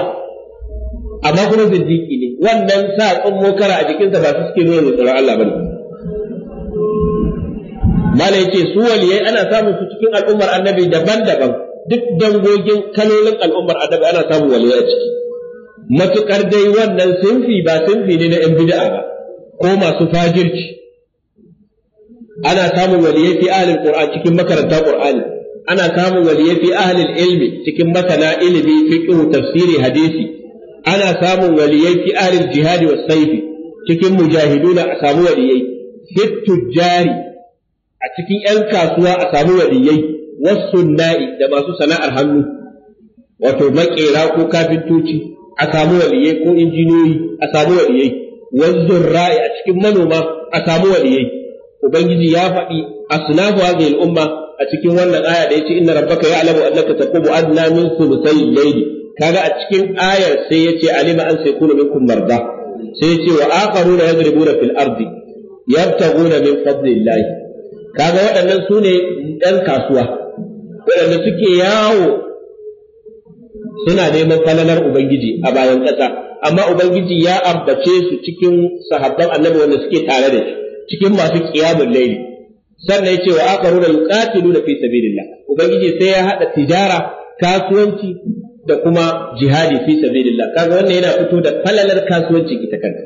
amma kuma ziddiki ne wannan sa tsummo kara a jikinsa ba su suke nuna mai tsoron Allah bane mala yace su waliyai ana samun su cikin al'ummar annabi daban-daban duk dangogin kalolin al'ummar annabi ana samun waliyai a ciki matukar dai wannan sunfi ba sunfi ne na yan bid'a ba ko masu fajirci ana samun waliyai fi ahlil qur'an cikin makaranta qur'ani ana samun waliyai fi ahlil ilmi cikin masana ilimi fiqh tafsiri hadisi ana samun waliyai fi ahlil jihad was sayf cikin mujahiduna a samu waliyai fi tujari a cikin yan kasuwa a samu waliyai was sunna'i da masu sana'ar hannu wato makera ko kafintoci a samu waliyai ko injiniyoyi a samu waliyai wazzurra'i a cikin manoma a samu waliyai ubangiji ya faɗi asnafu hadhihi al-umma a cikin wannan aya da yace inna rabbaka ya'lamu annaka taqumu adna min thuluthay al-layli kaga a cikin ayar sai yace alima an sayakunu minkum marda sai yace wa akharuna yadribuna fil ardi yabtaguna min fadlillah kaga waɗannan sune ne ɗan kasuwa waɗanda suke yawo suna neman falalar ubangiji a bayan ƙasa amma ubangiji ya ambace su cikin sahabban annabi wanda suke tare da shi cikin masu kiyamun laili sannan ce wa aqaruna yuqatiluna fi sabilillah ubangiji sai ya haɗa tijara kasuwanci da kuma jihadi fi sabilillah kaga wannan yana fito da falalar kasuwanci ita kanta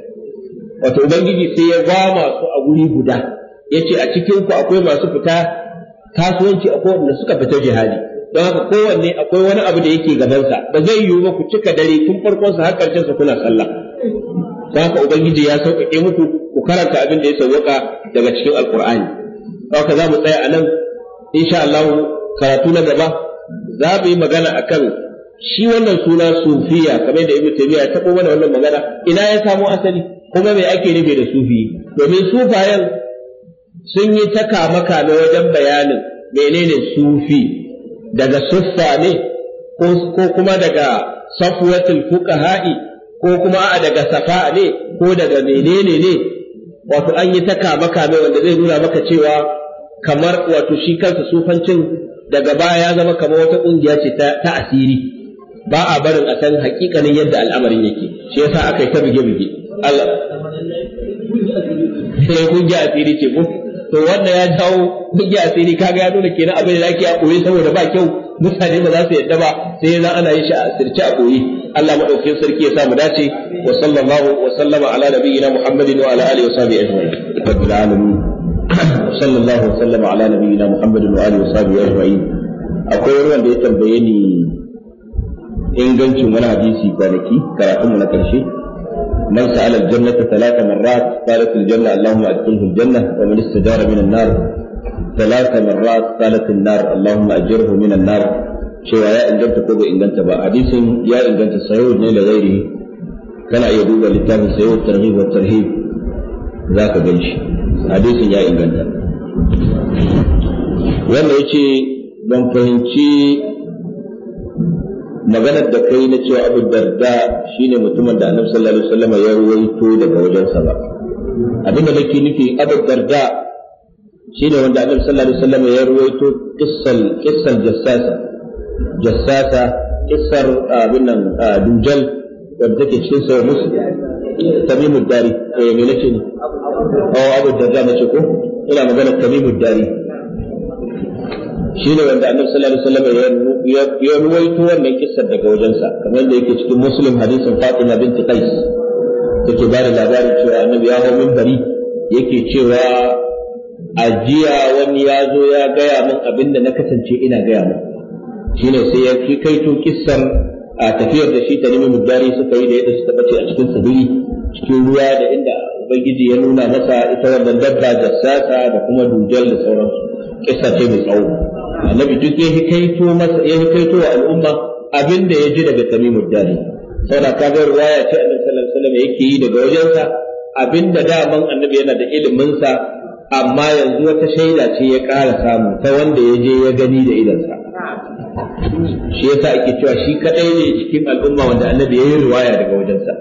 wato ubangiji sai ya gwama su a guri guda yace a cikin ku akwai masu fita kasuwanci akwai wanda suka fita jihadi don haka kowanne akwai wani abu da yake gabansa ba zai yiwu ba ku cika dare tun farkon su har karshen sa kuna sallah da haka ubangiji ya sauƙaƙe muku ku karanta abin da ya sauƙa daga cikin Alƙur'ani. haka za mu tsaya a nan insha Allah karatu na gaba za mu yi magana akan shi wannan suna sufiya kamar da ibnu taymiya ya tabo mana wannan magana ina ya samo asali kuma me ake nufi da sufi domin sufayen sun yi takamaka na wajen bayanin menene sufi daga suffa ne ko kuma daga safwatul fuqaha'i ko kuma a daga safa ne ko daga menene ne wato an yi ta kame wanda zai nuna maka cewa kamar wato shi kansa sufancin daga baya ya zama kamar wata ƙungiya ce ta asiri ba a barin a san hakikanin yadda al'amarin yake shi yasa aka yi ta buge-buge Allah sai kungiya asiri ce ko to wanda ya dawo kungiya asiri kaga ya nuna kenan abin da yake a koyi saboda ba kyau mutane ba za su yadda ba sai yanzu ana yin shi a sirce a koyi Allah madaukakin sarki ya sa mu dace wa sallallahu wa sallama ala nabiyyina Muhammadin wa ala alihi wa sahbihi ajma'in rabbil alamin sallallahu wa sallama ala nabiyyina Muhammadin wa alihi wa sahbihi ajma'in akwai ruwan da ya tambaye ni ingancin wani hadisi kwanaki karatunmu na karshe من سأل الجنة ثلاث مرات قالت الجنة اللهم أدخله الجنة ومن استجار من النار ثلاث مرات قالت النار اللهم أجره من النار cewa ya inganta ko bai inganta ba hadisin ya inganta sahihu ne da gairi kana iya duba littafin sahihu tarhib wa tarhib zaka gan ya inganta yace ban fahimci maganar da kai na cewa Abu Darda shine mutumin da Annabi sallallahu alaihi wasallam ya ruwaito daga wajensa ba abinda nake nufi Abu Darda shine wanda annabi sallallahu alaihi wasallam ya ruwaito qissal qissal jassasa jassasa qissar ah, ah, dujal wanda take cikin sa musu tamimud dari eh me nake ne oh abu darda nace ko ina magana tamimud dari shine wanda annabi sallallahu alaihi wasallam ya ruwaito wannan kissar daga wajensa kamar da yake cikin muslim hadisin fatima binti qais take ba da labarin cewa annabi ya hau minbari yake cewa a jiya wani ya zo ya gaya min abin da na kasance ina gaya min shine sai ya fi kaito kissan a tafiyar da shi ta nemi mudari suka yi da yadda suka bace a cikin sabiri cikin ruwa da inda ubangiji ya nuna masa ita wannan dabba da sasa da kuma dujal da sauransu kissa ce mai tsawo annabi duk ya kaito masa ya kaito wa al'umma abin da ya ji daga tamimu dari saboda ga ruwaya ce annabi sallallahu alaihi wasallam yake yi daga wajensa abinda daman annabi yana da ilimin sa amma yanzu wata shaida ce ya ƙara samu ta wanda ya je ya gani da idansa shi ya yasa ake cewa shi kaɗai ne cikin al'umma wanda annabi ya yi riwaya daga wajensa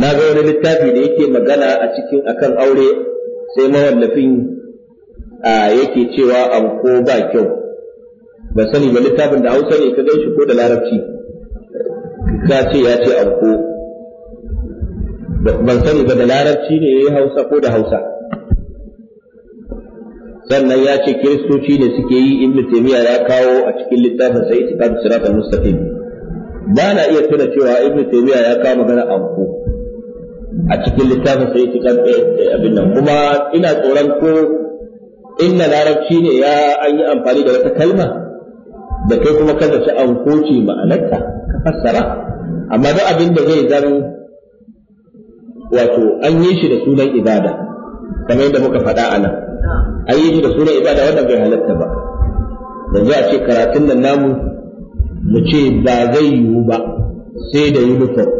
na ga wani littafi da yake magana a cikin akan aure sai mawallafin yake cewa abu ko ba kyau ba sani ba littafin da hausa ne ka gan shi ko da larabci ka ce ya ce abu ko ban sani ba da larabci ne yayi hausa ko da hausa sannan ya ce kiristoci ne suke yi in mutumiya ya kawo a cikin littafin sa itiqad sirat al-mustaqim ba na iya tuna cewa in mutumiya ya kawo magana anko a cikin littafin ita itiqad eh, eh, abin nan kuma ina tsoron ko in na larabci ne ya an yi amfani da wata kalma da kai kuma da ci anko ce ma'anarta ka fassara amma duk abin da zai zama wato an yi shi da sunan ibada kamar yadda muka faɗa a nan an yi shi da sunan ibada wanda bai halatta ba yanzu a ce karatun nan namu mu ce ba zai yiwu ba sai da uniform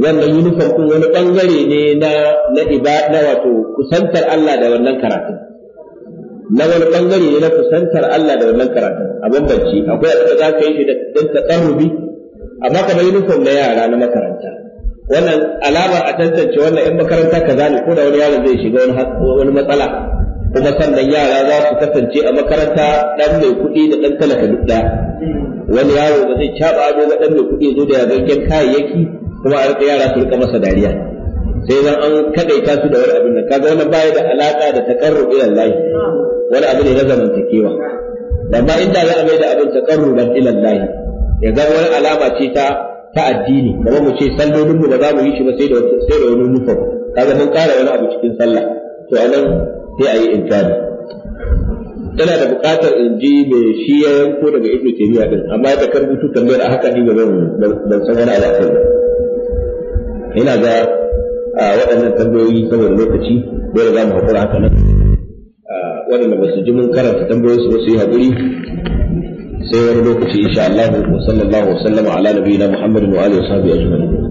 wannan uniform kun wani ɓangare ne na na ibada wato kusantar Allah da wannan karatun na wani ɓangare ne na kusantar Allah da wannan karatun a bambanci akwai yadda da za ka yi shi da ɗan taɗarrubi amma kamar uniform na yara na makaranta wannan alamar a tantance wannan yan makaranta kaza ne ko da wani yaron zai shiga wani matsala kuma sannan yara za su kasance a makaranta dan mai kuɗi da dan talaka duk da wani yaro ba zai caba ado ga dan mai kuɗi zo da yagan kayayyaki kuma a rika yara su rika masa dariya sai zan an kadaita su da wani abin nan kaga wannan baya da alaka da takarrub ila Allah wani abu ne na zamantakewa da ba inda za a mai da abin takarruban ila Allah ya ga wani alama ce ta ta addini da mu ce sallolinmu ba za mu yi shi ba sai da sai da wani nufa kaga mun kara wani abu cikin sallah to anan sai a yi inkari tana da buƙatar in ji me shi ya yanko daga ibnu taymiya din amma da kan rubutu tambayar a haka ni ba zan ban san wani alaƙa ba ina ga waɗannan tambayoyi saboda lokaci dole za mu haƙura haka nan waɗanda ba su ji mun karanta tambayoyinsu ba su yi haƙuri sai wani lokaci insha Allah sallallahu wa sallama ala nabiyina Muhammadin wa alihi wa sahbihi ajma'in